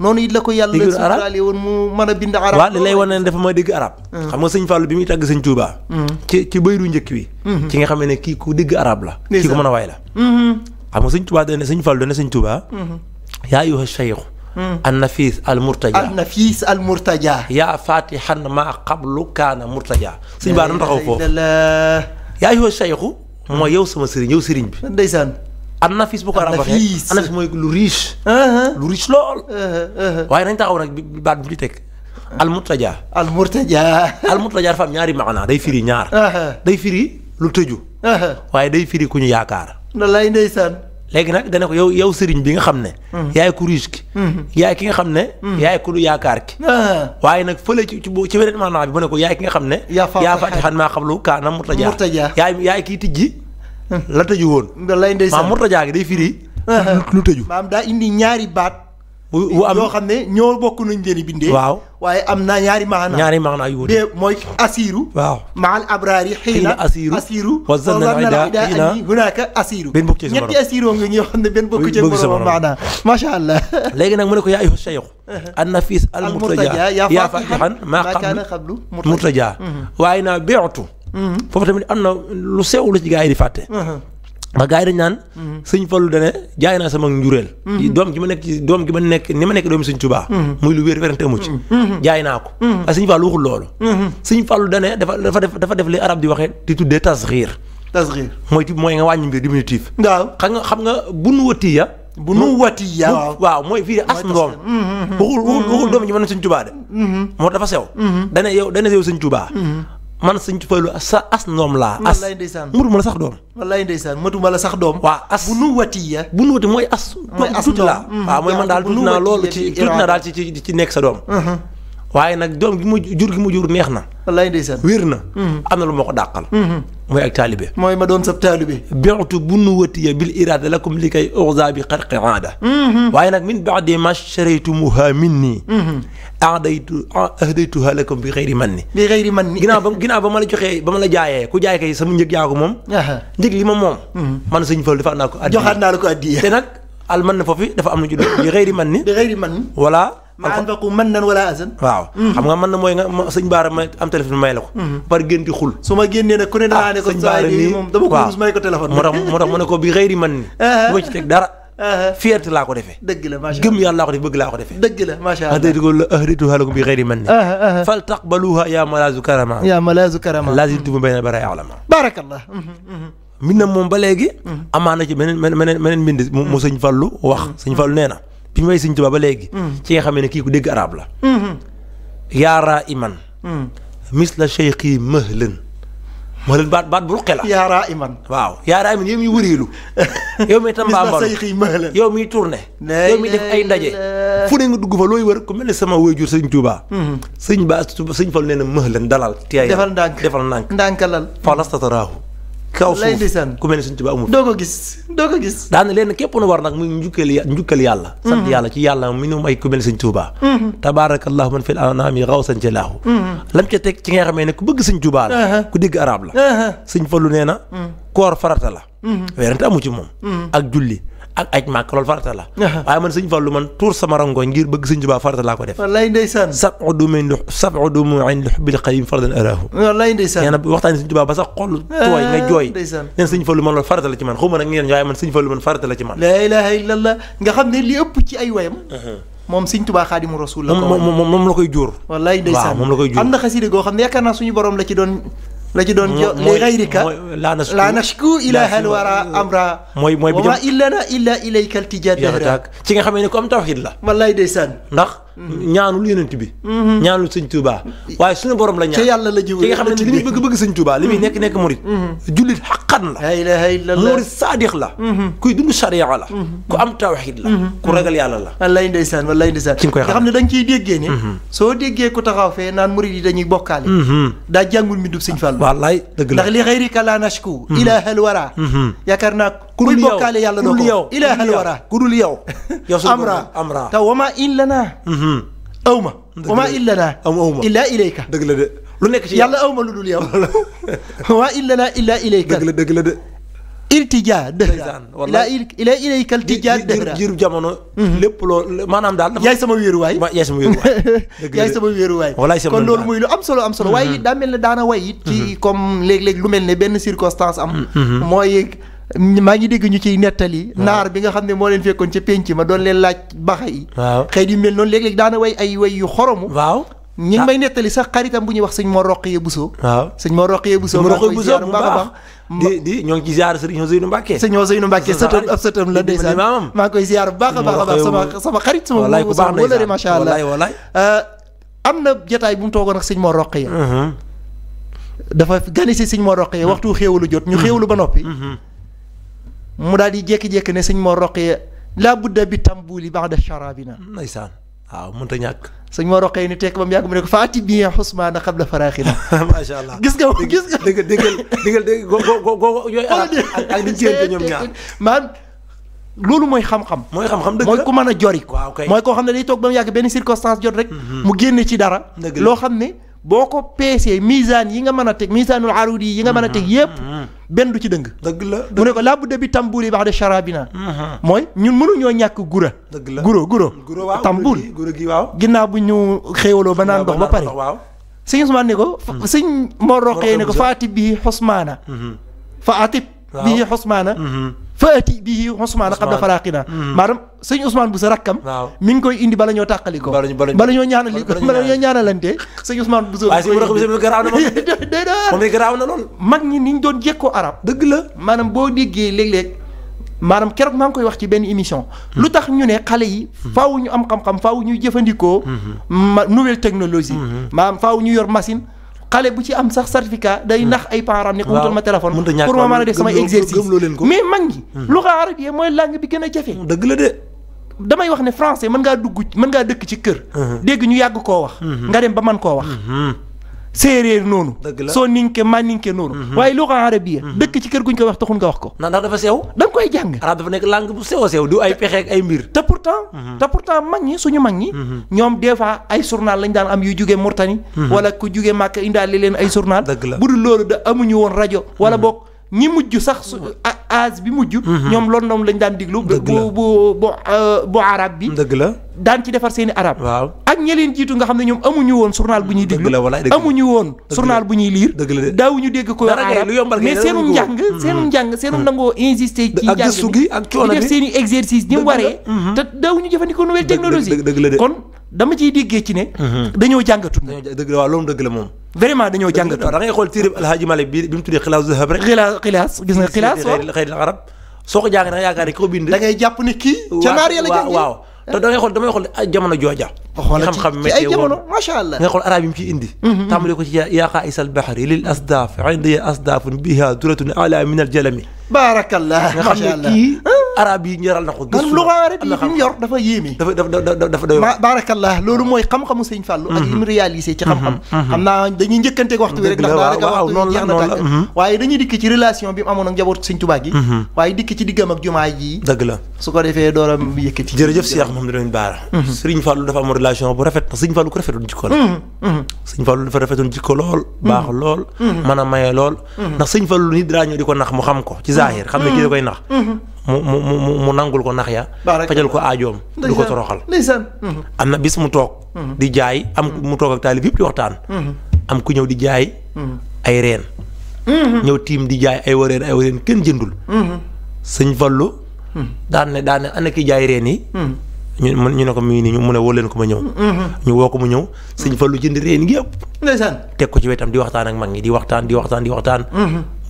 noonu it la ko yàlla suturaale woon mu mën a bind arab. waaw li lay wane ne dafa mm. xam nga sëñ Fall bi muy tàgg sëñ Tuubaa. Mm. ci ci bayru njëkk wi ki nga xam ne kii ku dégg arab la. kii ko mën a waay la. Mm-hmm. xam nga sëñ Tuubaa dana sëñ Fall dana sëñ Tuubaa. Mm-hmm. yaa ayyuha shaykh. Mm-hmm. annafis al murtaja annafis al murtaja. yaa fatihan ma qablu kaana murtaja. sëñ Ba dama taxaw foofu yaa ayyuha shaykh. mooy yow sama sëriñ yow sëriñ bi. ndeysaan. annafis bu ko arab waxee annafis mooy lu riche. Uh-huh. lu riche lool. Uh-huh, uh-huh. al murtaja. al murtaja. al ñaari maanaa day firi ñaar. day firi. lu tëju. waaye day firi ku ñu yaakaar. wallaay ndeysaan. léegi nag dana ko yow yow sëriñ bi nga xam ne. Mhm. yaay ku riche ki. Mhm. yaay ki nga xam ne. Mhm. yaay ku lu yaakaar ki. waaye nag fële ci ci ci weneen maanaa bi mu ne ko yaay ki nga xam ne. yaa faatihan maa qablu kaana murtajaa yaay yaay kiy tijji. la tëju woon. wallaay ndeysaan maa gi day firi. lu tëju maam daa indi ñaari baat. bu am yoo xam ne ñoo bokk nañ leen bindee. waaw waaye am na ñaari maana ñaari maana yu wute de waaw maal abraari xiina asiru asiru. wa zanna al ida xiina hunaka asiru. benn bokk ci ñetti asiru nga ñoo xam ne benn bokk ci moroom maana macha allah. léegi nag mu ne ko yaa ayyuha shaykh uh-huh. an nafis al murtaja yaa fatihan maa kaana qablu murtaja uh-huh. waaye naa beextu. Uh-huh. foofu tamit am lu sew lu ci gaa di fàtte. ba gars dañ naan. sëñ Fallou dane jaay naa sama njureel. Mhm. doom gi ma nekk ci doom gi ma nekk ni ma nekk doomu sëñ Tuubaa. Mhm. muy lu wér werante amu ci. jaay naa ko. waaye mhm. ah, sëñ Fallou waxul loolu. sëñ Fallou dane dafa dafa def dafa def li arab di waxee di tuddee tasxiir. tasxiir mooy ti mooy nga wàññi mbir diminutif. waaw xam nga xam nga bunu wëtti ya. bunu wëtti ya waaw waaw mooy fii as ndoom. waxul waxul waxul doom ji ma nekk sëñ Tuubaa de. moo dafa sew. dane yow dane yow sëñ Tuubaa. man sëñ Fallu sa as ndoom laa. as wallaay ndeysaan muru ma la sax doom. wallaay matuma la sax doom. waaw as bu nu wati ya. bu nu wati mooy as. mooy as tuuti laa. Mm-hmm. waaw mooy man daal naa loolu ci tuuti naa daal ci ci nekk sa doom. Mm-hmm. waaye nag doom gi mu jur gi mu jur neex na. wallaay ndeysaan wér na. Mhm. am na lu ma ko dàqal. Mhm. mooy ak taalibe. mooy ma doon sab taalibe. beextu bu nu wëtiya bil iraada lakum li kay oxza bi xarqi aada. Mhm. waaye nag min baadi ma man ni. bi ba ma la joxee ba ma la jaayee ku jaay kay sama njëg yaa ko moom. njëg li ma moom. man sëñ Fall defaat naa ko addiya. joxaat naa la ko addiya. te nag al man na foofu dafa am lu ci bi xayri man ni. bi xayri man ni. ma anfaqu mannan wala azan waaw mm-hmm. xam nga mën na mooy nga sëñ baara ma am téléphone may la ko mm-hmm. par gén di xul su ma génnee nag ku ne danaa ah, ko saa yi may ko bi xëyri man uh-huh. ma ci moom ba léegi mm-hmm. ci meneen meneen meneen mbind mu Fallu wax sëñ Fallu nee bi may sëñ Tuubaa ba léegi. Mm. ci nga xam ne kii ku dégg arab la. Mm-hmm. yaaraa iman. Mm. misla cheikhi mahlan mahlan baat baat bu ruqe la. yaaraa iman. waaw yaaraa iman yow miy wëreelu. yow miy tambaambal misla cheikhi mahlan yow miy tourné. yow miy def ay ndaje. fu ne nga dugg fa looy wër ku mel ne sama waajur sëñ Tuubaa. Mm-hmm. sëñ Ba sëñ Fall nee na mahlan dalal. tey defal ndànk defal ndànk. ndànkalal kaw suuf ku mel ni suñ tubaab amul doo ko gis doo ko gis daana leen képp nu war nag muy njukkal njukkal yàlla mm-hmm. sant yàlla ci yàlla mi nu ay ku mel ni suñ tubaab mm-hmm. tabaarakallahu man fil anami rawsan jalaahu mm-hmm. lam ca teg ci nga xamee ku bëgg suñ tubaab la uh-huh. ku dégg arab la uh-huh. suñ fallu nee na koor farata la weerante amu ci moom ak julli ak aj màkk loolu farata la waaye man sëñ Fallu man tuur sama rango ngir bëgg sëñ Tuubaa farata laa ko def wallaay ndeysaan sab'u dumin sab'u dumin li hubbil qayyim fardan arahu wallaay ndeysaan nee waxtaani sëñ Tuubaa ba sax xol tooy jooy nee sëñ Fallu man loolu farata ci man xuma nag ngeen waaye man sëñ Fallu man farata ci man laa ilaha illallah nga xam ne li ëpp ci ay wayam moom sëñ Tuubaa Xaadimu Rasuul la moom la koy jóor wallaay ndeysaan moom la koy jóor am na xasida goo xam ne la ci doon jo li gayrika laa nashku ila hal wara amra mooy mooy bi jëm illana illa ilayka iltijaat ci nga xamee ni ko am tawxiid la wallaay ndeysaan ndax ñaanul yonent bi mhm. ñaanul sëñ Touba waaye suñu borom la ñaan ci yàlla la jiw ki nga xam ne li muy bëgg bëgg sëñ Touba li muy mhm. nekk nekk murit mhm. jullit xaqan la ilaha illallah murit saadix la kuy dund charia la ku am tawxid la ku ragal yàlla la wallaay ndeysaan wallaay ndeysaan nga xam da nga ciy déggee ne soo déggee ku taxaw fee naan murit yi dañuy bokkaale daa mi dub sëñ Fall la ndax li xëyri ka laa nashku ilahal wara yaakaar naa kuy bokkaale yàlla doo ko ilahal wara ku dul yow amra amra te wama Hmm. aw ma. dëgg la wa maa illa naa. am aw ma illaa ilayka. dëgg la de lu nekk ci yàlla aw ma lu dul yow. wa maa illa naa illaa ilayka. dëgg la dëgg la de. iltijaa dëhra la ila ilayka iltijaa dëhra jiiru jamono mhm. lépp loolu maanaam daal yaay sama wéeruwaay yaay sama wéeruwaay yaay sama wéeruwaay kon loolu muy lu am solo am solo mhm. waaye it daa mel ne daana way it ci mhm. comme léeg-léeg lu mel ne benn circonstance am mooy maa ngi dégg ñu ciy nettali. naar bi nga xam ne moo leen fekkoon ca penc ma doon leen laaj baxa yi. waaw xeet yu mel noonu léeg-léeg daana way ay way yu xorom mu ñi ngi ah. may nettali sax xaritam bu ñuy wax sëñ Mor Roqee Bousso. waaw sëñ Mor Roqee Bousso. maa ngi koy ziar bu baax a baax di di ñoo ngi ci ziar sëriñ Ousseynou Mbacke. sëñ Ousseynou Mbacke sëtam ab sëtam la ndeysaan maa ngi koy bu baax a a baax sama sama xarit sama walaay ku baax ndeysaan macha allah euh, am na jotaay bu mu toogoon ak sëñ Mor Roqee uh-huh. dafa gane si sëñ Mor Roqee waxtu xéewalu jot ñu xéewalu ba noppi uh-huh. mu daal di jékki-jékki ne sëñ Mor Roqee laa budda bi tambuli ba'da sharabina. ndeysaan waaw mënut a ñàkk. sëñ Mor Roqee ni tekk ba mu yàgg mu ne ko faati bi xusmaana qabla faraaxina. macha allah gis nga gis nga. dëgg dëggal dëggal dëgg go go go yooyu ñoom ñaar maanaam loolu mooy xam-xam. mooy xam-xam dëgg mooy ku mën a jori. waaw kay mooy koo xam ne day toog ba mu yàgg benn circonstance jot rek. Mhm. mu génne ci dara. loo xam ne boo ko peesee misaan yi nga mën a teg misaanul arudi yi nga mën a teg mm-hmm. yépp mm-hmm. benn du ci dëng dëgg la mu ne ko laa budda bi tambour yi baax de charabina mm-hmm. mooy ñun mënuñoo ñàkk gura dëgg la guro guro tambour guro gi waaw ginnaaw bu ñu xéewaloo ba naan ndox ba pare waaw sëñ Ousmane ne ko sëñ Mor Roqee ne ko faati bii xosmaana fa atib bii xosmaana faati a Ousmane qabla faraqina hmm. maanaam sëñ Ousmane bu sa rakkam mi ngi koy indi bala ñoo tàqali ko bala ñoo ñaanali ko bala ñoo ñaanalante sëñ Ousmane bu sa garaaw na lool mag ñi ni ñu doon jekkoo arab dëgg la maanaam boo déggee léeg-léeg maanaam keroog maa ngi koy wax ci benn émission hmm. lu tax ñu ne xale yi hmm. faaw ñu am xam-xam faw ñuy jëfandikoo nouvelle technologie maanaam faw ñu yor machine xale bu ci am sax certificat day hmm. nax ay parents ne ko wutal ma téléphone pour ma mën a def samay exercice hmm. mais mag ñi hmm. luxa arab yi mooy langue bi gën a jafe dëgg la de damay wax ne français man ngaa dugg mën ngaa dëkk ci kër dégg ñu yàgg koo wax nga dem ba man koo wax séeréer noonu. dëgg la soo ninke maninke noonu. Mhm. waaye luqa arabiya mhm. dëkk ci kër guñ ko wax taxul nga wax ko. ndax dafa sew. da nga koy jàng. arab dafa nekk langue bu sew a sew du ay pexe ak ay mbir. te pourtant. Mhm. te pourtant mag ñi suñu mag ñi. ñoom des fois ay journal lañ daan am yu jugee Murtani. wala ku jugee Màkka li leen ay journal. dëgg la bu dul loolu da amuñu woon rajo. wala bokk ñi mujj sax su a âge bi mujj mhm. ñoom londoom lañ daan diglu boo bu euh, bu arab bi dëgg la daan ci defar seeni arab ak ñi jiitu nga xam ne ñoom amuñu woon journal bu ñuy diglu amuñu woon journal bu ñuy liir daawuñu dégg ko arab mais mhm. seenum njàng seenum njàng seenum mhm. nangoo insister ci njàng bi ak coono bi def seeni exercice ni mu waree te daawuñu jëfandikoo nouvelle technologie kon dama ci ne. Mhm. dañoo dañoo dëgg la waaw loolu dëgg la moom. vraiment dañoo jàngatut da ngay xool téere Alhaji Malick bi bi mu tuddee Xilaasu Zahab rek. Xila Xilaas waaw xëy na arab soo da nga yaakaar ne ko bind. da ngay jàpp ne kii. ca naar ya la jàngee da ngay xool damay xool jamono jooja. xam-xam météo ci ay jamono macha allah. nga xool arab yi mu ciy indi. Mhm. tàmbale ko ci yaaqa isal bahri lil asdaaf biha duratun ala min al baarakallah arab yi ñoral na ko gëstu lu arab yi ñu yor dafa yéeme dafa dafa loolu mooy xam-xamu sëñ Fallou ak lim mhm. réalisé ci xam-xam mhm. Mhm. xam naa dañuy njëkkanteeg waxtu wi rek dañuy dikk ci relation bi mu amoon ak njaboot sëñ ci diggam ak jumaa ji dëgg la su ko defee dooram yëkkati jërëjëf Cheikh Mouhamadou Lamine Bara sëñ Fallou dafa amoon relation bu rafet ndax sëñ Fallou ko rafetoon jikko la sëñ Fallou dafa rafetoon jikko lool baax lool mën a maye lool ndax sëñ Fallou nit daa ñëw di ko nax mu mu mu mu nangul ko nax ya fajal ko aajoom du ko toroxal ndeysaan mm-hmm. am na bis mu toog mm-hmm. di jaay am mm-hmm. mu toog ak taalib yëpp di waxtaan am ku ñëw di jaay ay reen ñëw tiim di jaay ay wareen ay wareen kenn jëndul sëñ Fallu daan ne daan ne ana ki jaay reen yi ñu ñu ne ko mu ngi nii ñu mu ne woo leen ko ma ñëw ñu woo ko mu ñëw sëñ Fallu jënd reen gi teg ko ci wetam di waxtaan ak mag ñi di waxtaan di waxtaan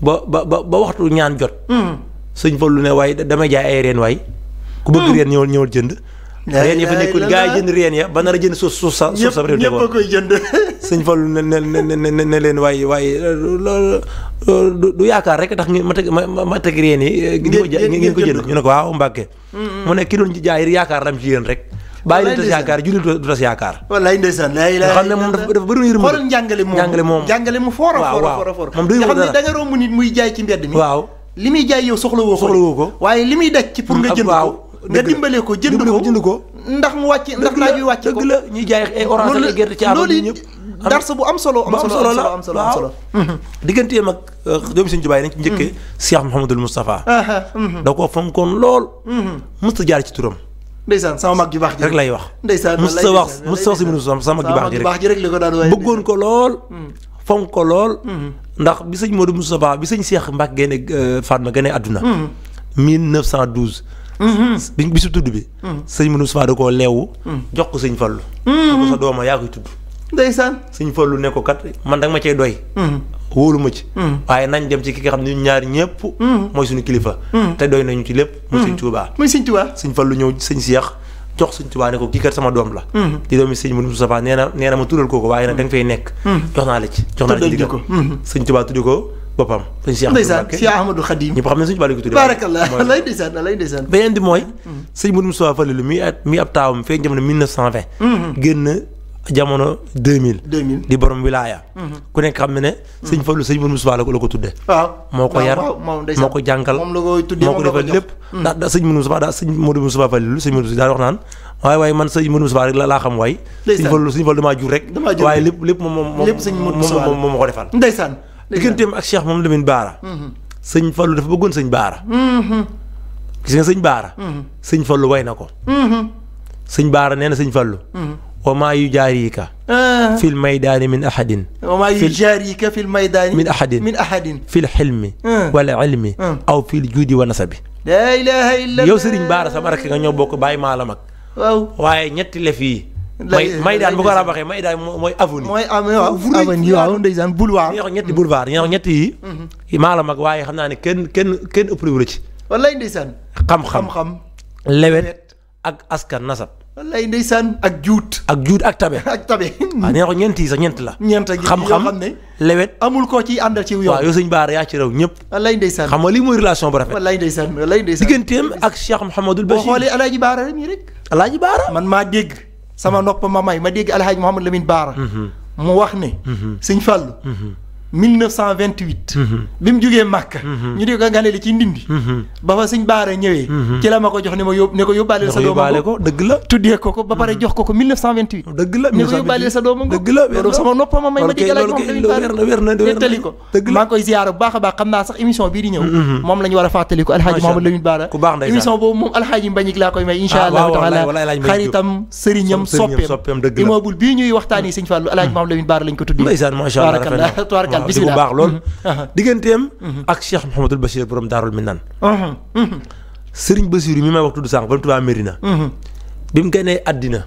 ba ba ba waxtu ñaan jot sëñ Fallu ne waaye damay jaay ay reen waay ku bëgg hmm. reen ñëwal ñëwal jënd reen ya fa nekkul gaa yi jënd reen ya ba nar a jënd suuf suuf sa suuf sa réew ñëpp a koy jënd sëñ Fallu ne ne ne leen waaye waaye loolu du yaakaar rek tax ma teg ma teg reen yi eh, ngeen ko jënd ñu ne ko waaw Mbàkke mu ne ki doon jaay yaakaar lam ci yéen rek bàyyi leen tas yaakaar jullit du tas yaakaar wallaay ndeysaan nga xam ne moom dafa bëri yërmande xoolal njàngale moom njàngale moom njàngale mu foor a foor a foor moom xam ne da nga romb nit muy jaay ci mbedd mi waaw li muy jaay yow soxla woo ko woo ko waaye li muy daj ci pour nga ah, jënd ko nga dimbalee ko jënd ko jënd ko ndax mu wàcc ndax naaj wi wàcc la ñuy jaay ay orange ak gerte loolu ñëpp dars bu am solo am solo la am solo am solo mhm. digganteem ak euh, doomi sëñ Tuubaa yi nañ ci njëkkee mhm. Cheikh Mouhamadul Moustapha mhm. da ko fonkoon lool mësta jaar ci turam ndeysaan sama mag ju baax ji rek lay wax ndeysaan mësta wax mësta wax si mënu sama mag ju baax ji rek bëggoon ko lool fonk ko lool. Mhm. ndax bi sëñ Modou Moustapha bi sëñ Cheikh Mbacke génne euh, Fatma génne àdduna. 1912. Mhm. Mhm. biñ tudd bi. sëñ Modou Moustapha da koo leewu. jox ko sëñ Fallou. da ko sa dooma yaa koy tudd. ndeysaan sëñ Fallou ne ko kat man danga ma cee doy. wóolu ma ci. waaye nañ dem ci ki nga xam ne ñun ñaar ñëpp. mooy suñu kilifa. te doy nañu ci lépp. muy sëñ Touba muy sëñ Touba. sëñ Fallou ñëw sëñ Cheikh. jox sëñ Tuubaa ne ko kii kat sama doom la mm-hmm. di doomi sëñ Mourou Moustapha nee na nee ma tuddal kooko waaye nag da nga fay nekk jox naa la jox naa la ci ndigal mm-hmm. sëñ Tuubaa ko boppam sëñ Cheikh Ahmadou Khadim ñëpp xam ne sëñ Tuubaa la ko tudde barakallah lay ndeysaan lay ndeysaan beneen bi mooy mm-hmm. sëñ Mourou Moustapha Falilou mi mi ab taawam fekk jamono 1920 génn jamono 2000. 2000 di borom wilaaya. Mhm. ku nekk xam ne ne. Mhm. sëñ Fallou sëñ Mourou Moussa la ko la ko tuddee. waaw moo ko yar moo ko jànkal moom la ko tuddee moo ko defal lépp. Mhm. ndax da sëñ Mourou Moussa daa sëñ Mourou Moussa Fallou sëñ Mourou daal wax naan waaye waaye man sëñ Mourou Moussa rek la laa xam waay. ndeysaan sëñ Fallou sëñ Fallou damaa jur rek. damaa jur waaye lépp lépp moom moom moom moom moo ko defal. ndeysaan digganteem ak Cheikh moom Lamine Baara. sëñ Fallou dafa bëggoon sëñ Baara. gis nga sëñ Baara. sëñ Fallou way na ko. sëñ Baara nee na sëñ Fallou wa maa yujaarika fil maydaani min ahadin wa maa yujaarika fil maydaani min ahadin min ahadin fil xilmi wal ilmi aw fil juudi wa nasabi laa ilaaha illa yow Sëriñ Baara sama rakk nga ñoo bokk bàyyi maa la mag waaw waaye ñetti lef yi may daan bu ko rabaxee may daan mooy avenue mooy avenue waaw ndeysaan boulevard ñoo ñetti boulevard ñoo ñetti yi mhm. maa la mag waaye xam naa ne kenn kenn kenn ëpp réew la ci wallaay ndeysaan xam-xam xam-xam lewet ak askan nasab wallaay ndeysaan ak juut. ak juut ak tabe. ak tabe. ah nee na ko ñeent yi sax ñeent la. ñeent ak xam-xam lewet amul koo ci àndal ci yow. waaw yow sëñ Baara yaa ci raw ñëpp. wallaay ndeysaan xam nga lii mooy relation bu rafet. wallaay ndeysaan wallaay ndeysaan digganteem ak Cheikh Mouhamadul Bachir. boo xoolee Alaaji Baara rek nii rek. Alaaji man maa dégg sama nopp ma may ma dégg Alaaji Mouhamad Lamine Baara. Mhm. mu wax ne. Mhm. sëñ Fallou. Mhm. 1928. Mhm. bi mu jugee Màkka. Mhm. ñu di ko ganale ci Ndindi. Mhm. ba fa suñ baara ñëwee. ci la ma ko jox ne ma yób ne ko yóbbaale sa doomam ko dëgg la. tuddee ko ko ba pare jox ko ko dëgg la ne ko na fàttali ko maa koy ziyaara bu baax a baax xam naa sax émission bii di ñëw. moom la war a fàttali ko Alxaaji Mamadou Lamine Baara ku boobu moom Alxaaji Mbagnick laa koy may insha ah, allahu xaritam sëriñam soppeem immeuble bii ñuy waxtaani sëñ Fallou Alxaaji Mamadou hmm. Lamine Baara lañ ko tuddee baax di bu baax lool. Mm-hmm. Uh-huh. digganteem. Mm-hmm. ak Cheikh Mouhamadul Bachir borom Daarul Minan. Uh-huh. Mm-hmm. Serigne Bassirou mi may wax tudd sànq ba Touba Mérina. bi mu ganee àddina.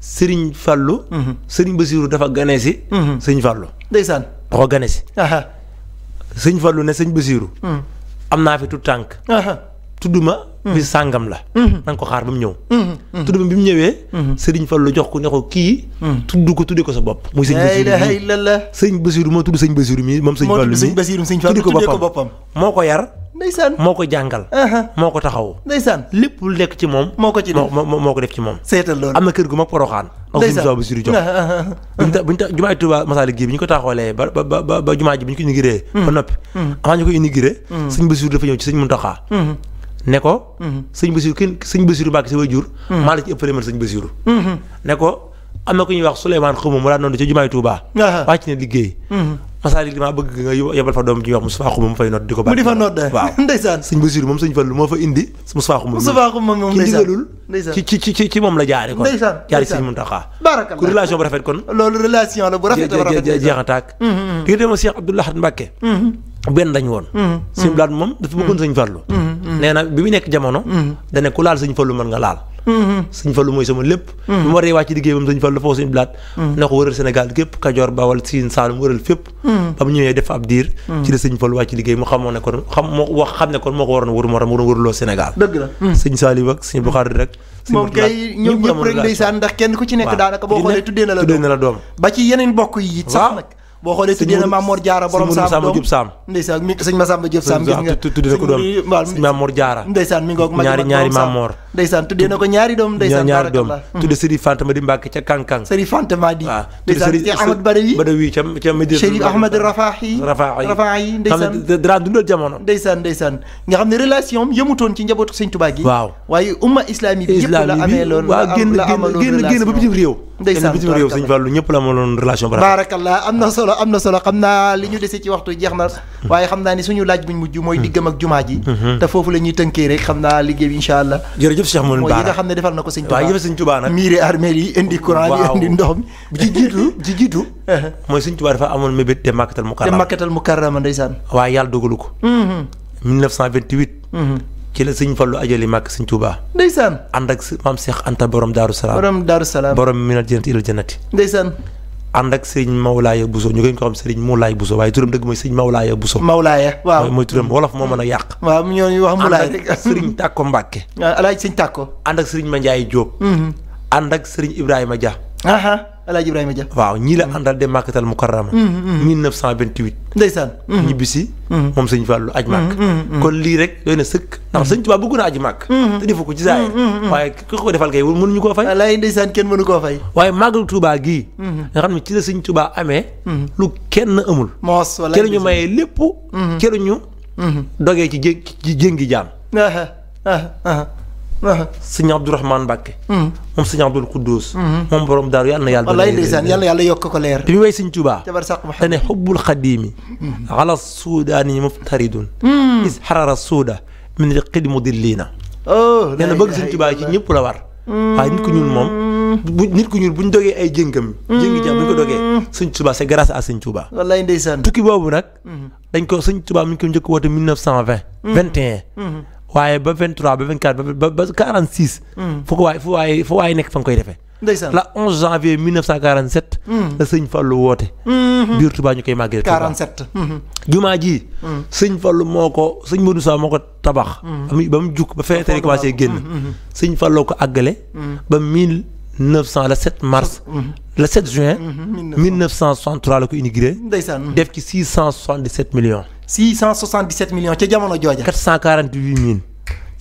Serigne Fallou. Serigne Bassirou dafa gane si. Sëñ Fallou. ndeysaan da ko gane si. Uh-huh. Sëñ Fallou ne Sëñ Bassirou. am naa fi tudd tànk. tudduma mm. bis sàngam la na mm-hmm. nga ko xaar ba mu ñëw mm-hmm. tudduma bi mu ñëwee mm-hmm. sëriñ Fallu jox ko ne ko kii mm. tudd ko tuddee ko sa bopp muy sëñ Basiru sëñ Basiru moo tudd sëñ Basiru mi moom sëñ Fallu mi tuddee ko boppam moo ko yar ndeysaan moo ko jàngal uh-huh. moo ko taxaw ndeysaan lépp lu nekk ci moom moo ko ci def moo ko def ci moom am na kër gu mag poroxaan ak sëñ Tuubaa Basiru jox uh-huh, uh-huh. buñ ta buñ ta jumaa Tuubaa Masaalik gi bi ñu ko taxawalee ba ba ba jumaa ji bi ñu ko inauguré ba mm. noppi avant ñu ko inauguré sëñ Basiru dafa ne ko. Mhm. sëñ Basiru kenn sëñ Basiru Mbàkke sa way jur. Mhm. maa la ci ëppale man sëñ Basiru. Mhm. ne ko am na ku ñuy wax Souleymane Xuma mu daan noonu ca jumaay Touba. wàcc na liggéey. masaalik damaa bëgg nga yebal fa doom ji ñuy wax Moustapha Xuma mu fay noot di ko. baax mu di fa noot de waaw ndeysaan. sëñ Basiru moom sëñ Fallu moo fa indi Moustapha Xuma. Moustapha Xuma moom ndeysaan ci ci ci ci ci moom la jaare kon. ndeysaan jaari sëñ Muntaxa. baarakallah ku relation bu rafet kon. loolu relation la bu rafet la bu rafet moom Mm-hmm. nee na bi mu nekk jamono. Mm-hmm. dana ku laal sëñ Fallu mën nga laal. Mm-hmm. sëñ Fallu mooy sama lépp. bu ma waree wàcc liggéeyam sëñ Fallu foofu sëñ Blaat. na ko wëral Sénégal gépp Kajoor Bawol Siin Saalum wëral fépp. ba mu ñëwee def ab diir. ci la sëñ Fallu wàcc liggéey mu xamoon ne kon xam moo xam ne kon moo ko waroon wër moo tax mu doon wërloo Sénégal. dëgg la sëñ Saliou rek. moom kay ñoom ñëpp rek ndeysaan ndax kenn ku ci nekk daanaka boo xoolee tuddee na la ba ci yeneen boo xoolee tuddee na Mamor Diarra borom saam doom ndeysaan mi sëñ Massamba Diop Sam gis nga tuddee na ko doom waaw Mamor Diarra ndeysaan mi ngoog ñaari ñaari Mamor ndeysaan tuddee na ko ñaari doom ndeysaan ñaari doom tuddee Serigne Fantama di Mbacke ca Kankang Serigne Fantama di ndeysaan Serigne Ahmed Badawi Badawi ca ca Medina Serigne Ahmed Rafahi Rafahi Rafahi ndeysaan dara dundal jamono ndeysaan ndeysaan nga xam ne relation am yëmutoon ci njabootu sëñ Touba gi waaw waaye umma islami bi yëpp la amee loon la amaloon génn génn ba bitim réew ndeysaan bitim réew sëñ Fallou ñëpp la amaloon relation. baarakallah am na solo am na solo xam naa li ñu dese ci waxtu jeex na waaye xam naa ni suñu laaj buñ mujj mooy diggam ak jumaa ji mhm. te foofu la ñuy tënkee rek xam naa liggéey bi incha allah jërëjëf Cheikh Mouhamed Bara mooy yi nga xam ne defal na ko sëñ Tuubaa waaw yëf sëñ Tuubaa nag miire armeel yi indi courant yi indi ndox mi bi ci jiitu bi ci jiitu mooy sëñ Tuubaa dafa amoon mébét te màkkatal mukarrama te màkkatal mukarrama ndeysaan waaye yàlla dogalu ko 1928 mhm. ci la sëñ Fallu ajali màkk sëñ Tuubaa ndeysaan ànd ak maam Cheikh Anta borom Daaru Salaam borom Daaru Salaam borom minal jannati ilal jannati ndeysaan ànd ak sëriñ Mawlaaya Buso ñu gën ko xam sëriñ Mawlaaya Buso waaye turam dëgg mooy sëriñ Mawlaaya Buso Mawlaaya waaw mooy turam wolof moo mën a yàq waaw ñooñu wax Mawlaaya rek sëriñ Tàkko Mbàkke alaaji sëñ Tàkko ànd ak sëriñ Mandiaye Diop mm-hmm. ànd ak sëriñ Ibrahima Dia Alaaji Ibrahima Dia waaw ñii la àndal dem Màkkatal Mukarrama 1928 mm, mm, mm. ndeysaan ñibbisi moom sëñ Fallou aj màkk kon lii rek doy na sëkk ndax sëñ Tuubaa bëgg aj màkk te defu ko ci saa waaye ku ko defal kay mënuñu koo fay alaay ndeysaan kenn mënu koo fay waaye màggal Tuubaa gii nga xam ci la sëñ Tuubaa amee lu kenn amul moos wala ñu mayee lépp ci ñu dogee ci jé jaam Ah, sëñ Abdourahmane Mbacke. Hmm. moom sëñ Abdoul Khoudous. Hmm. moom borom daaru yàlla na yàlla. wallaay ndeysaan yàlla yàlla yokk ko leer. te bi way sëñ Tuubaa. jabar sàq ma xam ne xubbul xadiimi. Hmm. ala suudaani muftaridun. is na bëgg sëñ Tuubaa ci ñëpp la war. waaye nit ku ñuul moom. bu nit ku ñuul bu ñu dogee ay jëngam. jëngi jàmm bu ñu ko dogee sëñ Tuubaa c'est grâce à sëñ Tuubaa. tukki boobu nag. dañ ko sëñ Tuubaa mi ngi ko njëkk a woote 1920. 21. waaye ba 23 ba 24 ba ba 46. Mm. fu ko waay fu waay fu waay nekk fa nga koy defee. Mm. la sëñ Fallou woote. Mm-hmm. biir Touba ñu koy màggee. 47 Touba jumaa ji. Mm. sëñ Fallou moo ko sëñ Modou Sa moo ko tabax. ba mu jug ba fenêtre yi commencé génn. Mm-hmm. sëñ Fallou ko àggale. ba 1900 la 7 mars. Mm-hmm. le 7 juin. 1963 la ko inauguré. ndeysaan def ci 677 million 677 millions ca jamono jooja. 448 mille.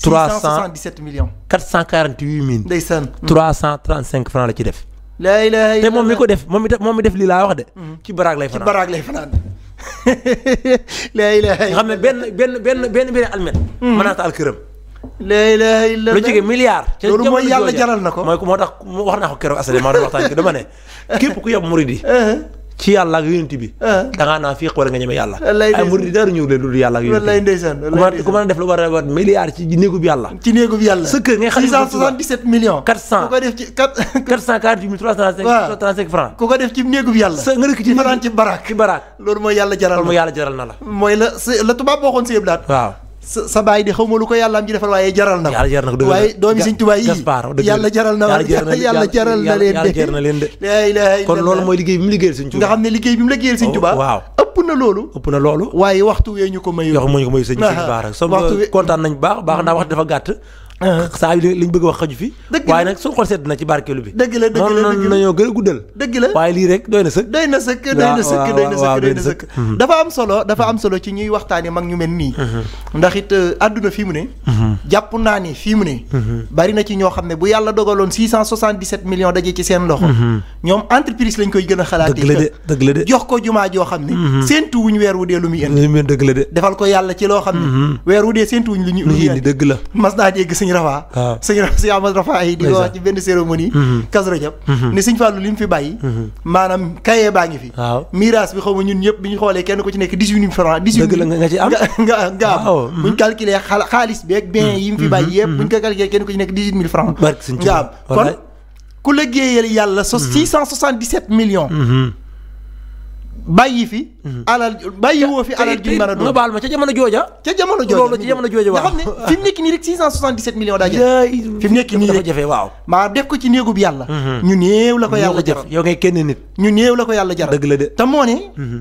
377 millions. 448 mille. ndeysaan. 335 mm. francs la ci def. laa ilaaha illallaah te moom mi ko def moom mi def moom mi def lii laa wax de. Mm. ci baraag lay fanaan ci lay fanaan. xam ne benn benn benn benn benn almet. mën mm. naa taal këram. laa ilaaha illallaah lu jege loolu mooy yàlla jaral na ko. mooy moo tax wax naa ko keroog asale maa doon waxtaan ki dama ne képp ku yab murid yi uh-huh. ci yàlla ak yonent bi. Ah. da ngaa naa fiq wala nga ñeme yàlla. wallaay ndeysaan ay murid dara ñëw yàlla ak yonent bi. wallaay ndeysaan wallaay def lu war milliard ci néegub yàlla. ci néegub yàlla. sa kër ngay xam 677 millions. 400 ku francs. ko def ci néegub yàlla. nga dëkk ci ci baraak. ci baraak loolu mooy yàlla jaral na la loolu mooy la. mooy la la tubaab boo xoon si yëpp daal. waaw. sa sa baay di xaw ma lu ko yàlla am ji defal waaye jaral na ko waaye doomi sëñ Tuubaa yi yàlla jaral na yàlla jaral na leen de kon loolu mooy liggéey bi mu liggéeyal sëñ Tuubaa nga xam ne liggéey bi mu liggéeyal sëñ oh, Tuubaa waaw ëpp na loolu ëpp na loolu waaye waxtu wee ñu ko mayu waxtu wee ñu ko mayu sëñ Baara so kontaan nañ baax baax ndax wax dafa gàtt Euh, saa yi liñ bëgg wax xaju fi waaye na ci barkeelu bi dëgg la dëgg la noonu a dëgg la waaye lii rek doy na mhm. euh, mhm. mhm. xam ne bu yàlla dogaloon 677 millions daje ci a dëgg la de dëgg la de jox ko xam ne weer wu dee lu muy indi dëgg la de defal ko yàlla ci loo xam ne weer wu dee séentu wuñ lu ñu dëgg la mas naa dégg Rafa ah. sëñ Rafa sëñ Amadou Rafa yi di wax ci benn cérémonie mm-hmm. Kazu Rajab mm-hmm. ne sëñ Fallou li mu fi bàyyi mm-hmm. maanaam kayee baa ngi fi miraas bi xaw ma ñun ñëpp bi xoolee kenn ku ci nekk dix-huit mille francs dix-huit dëgg nga nga nga am bu ñu calculé xaalis beeg bien yi mu fi bàyyi yëpp bu ñu ko calculé kenn ku ci nekk dix-huit mille francs nga am kon ku liggéeyal yàlla so six cent soixante-dix-sept millions bàyyi fi. alal bàyyi fi alal ju mën a doon jamono jooja. ca jamono jamono jooja waaw nga xam ne fi mu nekk nii rek 677 waaw. maa ko ci néegub mhm. la ko yow ngay nit. ñu néew la ko yàlla jaral dëgg la de. te moo ne. Mhm.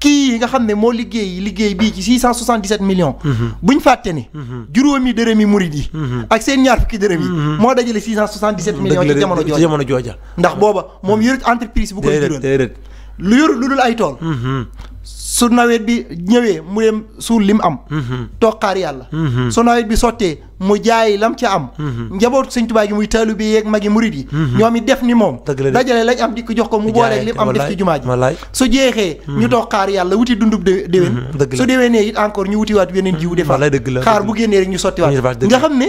kii nga xam ne moo liggéey liggéey bii ci 677 millions. Mhm. buñ fàtte ne. juróomi dërëmi murid yi. ak seen ñaar fukki dërëm yi. moo dajale 677 millions. ci jooja ndax booba moom yëre entreprise bu koy juróom lu yor lu dul ay tool. Mm-hmm. su nawet bi ñëwee mu dem suul lim am. Mm-hmm. toog xaar yàlla. Mm-hmm. su nawet bi sottee mu jaay lam ca am. njabootu Sëñ Tuubaa gi muy taalu bi yeeg magi murit yi. ñoom it def ni moom. dajale lañ am di jox ko mu booleeg lim am def ci jumaa ji. su jeexee. ñu toog xaar yàlla wuti dundub déwén. dëgg la su déwénee it encore ñu wutiwaat yeneen jiwu defar. xaar bu génnee rek ñu sottiwaat nga xam ne.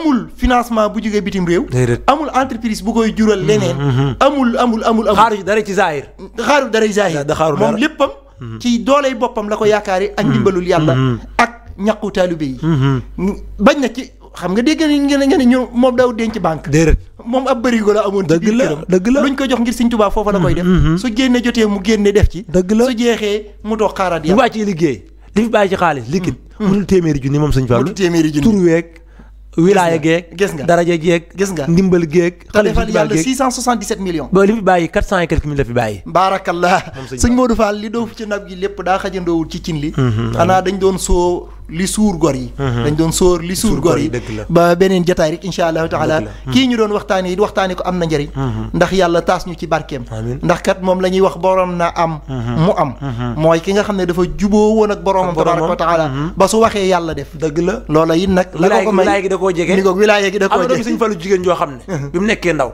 amul financement bu jógee bitim réew. amul entreprise bu koy jural leneen. Mm-hmm, mm-hmm. amul amul amul amul. xaaru dara ci zaahir. xaaru dara ci zaahir. moom léppam. Mm-hmm. ci dooley boppam la ko yaakaari ak ndimbalul yàlla. ak ñàkku taalibe yi. bañ na ci xam nga dégg ngeen ne ñu moom daaw denc banque. déedéet moom ab bërigo la amoon. dëgg la dëgg la luñ ko jox ngir Sëñ Tuubaa foofa la koy def. su génne jotee mu génne def ci. dëgg la su jeexee mu toog xaaraat yàlla. bu bàyyi ci moom Sëñ Fallu. mënul téeméeri wilaaya geeg gis nga daraja jeeg gis nga ndimbal geeg te defal yàlla 677 millions ba li fi bàyyi 400 et quelques mille la fi bàyyi baarakallah sëñ Modou Fall li doofu ci nab gi lépp daa xajandoowul ci cin li mhm, xanaa mhm. dañ doon soo li suur gor yi mhm. dañ doon sóor li suur gor yi ba beneen jataay rek incha allahu taala mhm. kii ñu doon waxtaane it waxtaane ko am na njëriñ mhm. ndax yàlla taas ñu ci barkeem ndax kat moom la ñuy wax borom na am mu am mooy ki nga xam ne dafa juboo woon ak boromam tabaraka wa taala da da koo jege am na doomi sëñ Fallu jigéen joo xam ne bi mu nekkee ndaw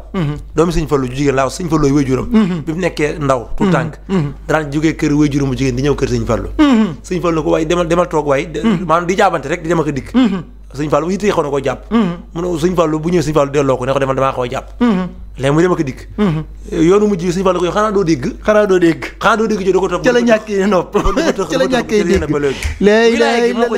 doomi sëñ daan jógee kër wéjuram bu jigéen di ñëw kër sëñ Fallu sëñ Fallu ko waaye demal demal toog waaye maanaam di jaabante rek di dem ak dikk mm-hmm. sëñ Fallou yittee xaw na koo jàpp mm-hmm. mu ne sëñ Fallou bu ñëwee sëñ Fallou delloo ko ne ko demal damaa xaw a jàpp mm-hmm. léegi mu dem ak dikk. Mhm. yoonu mujj yi suñu fàllu ko yow xanaa doo dégg. xanaa doo dégg. xanaa doo dégg jooju da ko topp. ca la ñàkkee nopp ca la ñàkkee dégg wilaay gi moo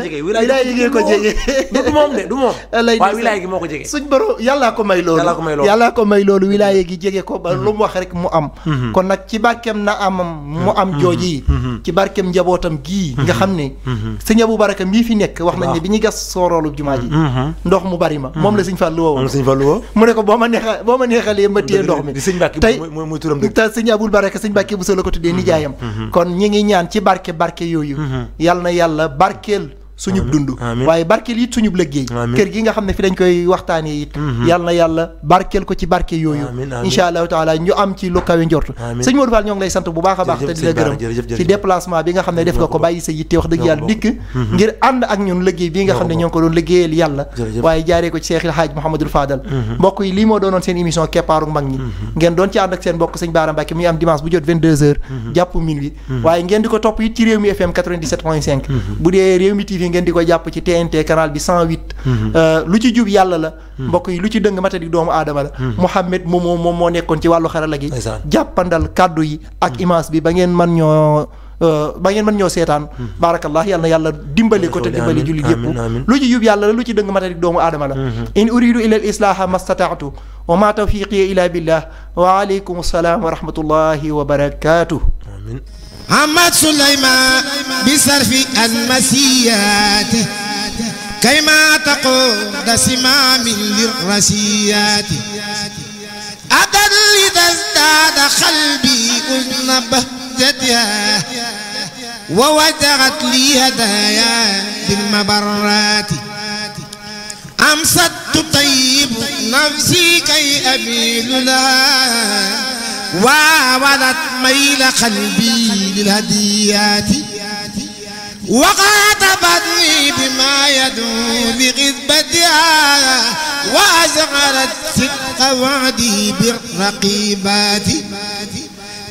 ko gi de du moom. waaw wilaay moo ko jege. suñ borom yàllaa ko may loolu. yàllaa ko may loolu yàllaa ko may loolu mhm. wilaay gi jege ko ba mhm. lu mu wax rek mu am. kon nag ci barkeem na amam mu am jooju yi. ci barkeem njabootam gii. nga xam ne. sëñ Abu Baraka mii nekk wax bi ñuy gas sooroolu jumaa ji ndox mu bari ma moom la suñ fàllu woo mu boo ma neexalee téye ma téye ndox mi tey te sëñ Abul Baraka sëñ Mbàkke Buso la ko tuddee mhm. nijaayam mhm. kon ñi ngi ñaan ci barke barke yooyu mhm. yàlla na yàlla barkeel suñu dund waaye barkeel it suñu liggéey kër gi nga xam ne fi dañ koy waxtaanee it mhm. yàlla na yàlla barkeel ko ci barke yooyu insha allahu taala ñu am ci lu kawe njortu sëñ Modou Fall ñoo ngi lay sant bu baax a baax te di gërëm ci déplacement bi nga xam ne def nga ko bàyyi sa yitte wax dëgg yàlla waaye jaaree ko Seexil Haaj Mouhamadul Fadal mhm. mbokk lii moo doonoon seen émission keppaaru mag ñi mhm. ngeen doon ci ànd ak seen mbokk sëñ Baara Mbàkke muy am yi ngeen di ko jàpp ci TNT canal bi 108. Mhm. Euh, lu ci jub yàlla la. Mhm. mbokk yi lu ci dëng matadi doomu aadama la. Mhm. Mouhamed moom moom moo nekkoon ci wàllu xarala gi. jàppandal kàddu yi ak image bi ba ngeen man ñoo. Euh, ba ngeen mën ñoo seetaan baarakallah yàlla na yàlla dimbali ko te dimbali jullit yëpp lu ci jub yàlla la lu ci dëng matari doomu aadama la in uridu ila al islaaha mastataatu wa ma tawfiqi ila billah wa aleykum assalaam wa rahmatullahi wa barakaatuh Ahmad Souleymane bi sarfi almasiyaat kaymaa taqooda simaamin lirrasiyaat adan li tazdaada qalbi uzna bahjatihaa wa wajahat li hadaayaa bilmabaraat amsat tutayyibu nafsi kay abiilu lahaa waawalat mayla qalbi للهديات وخاطبتني بما يدعو لغذبتها وأزغرت صدق وعدي بالرقيبات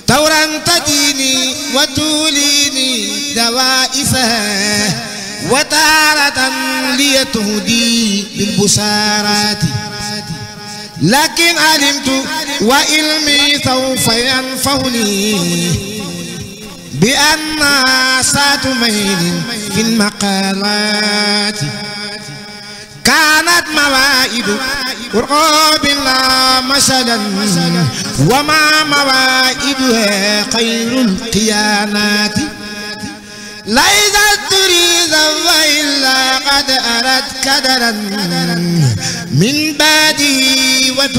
تورا تديني وتوليني دوائسها وتارة ليتهدي بالبشارات لكن علمت وإلمي سوف ينفعني بأن ساعة ميل في المقالات كانت موائد قرقاب لا مثلا وما موائدها خير القيانات ليس تريد وإلا قد أرت كدرا من بعدي وتد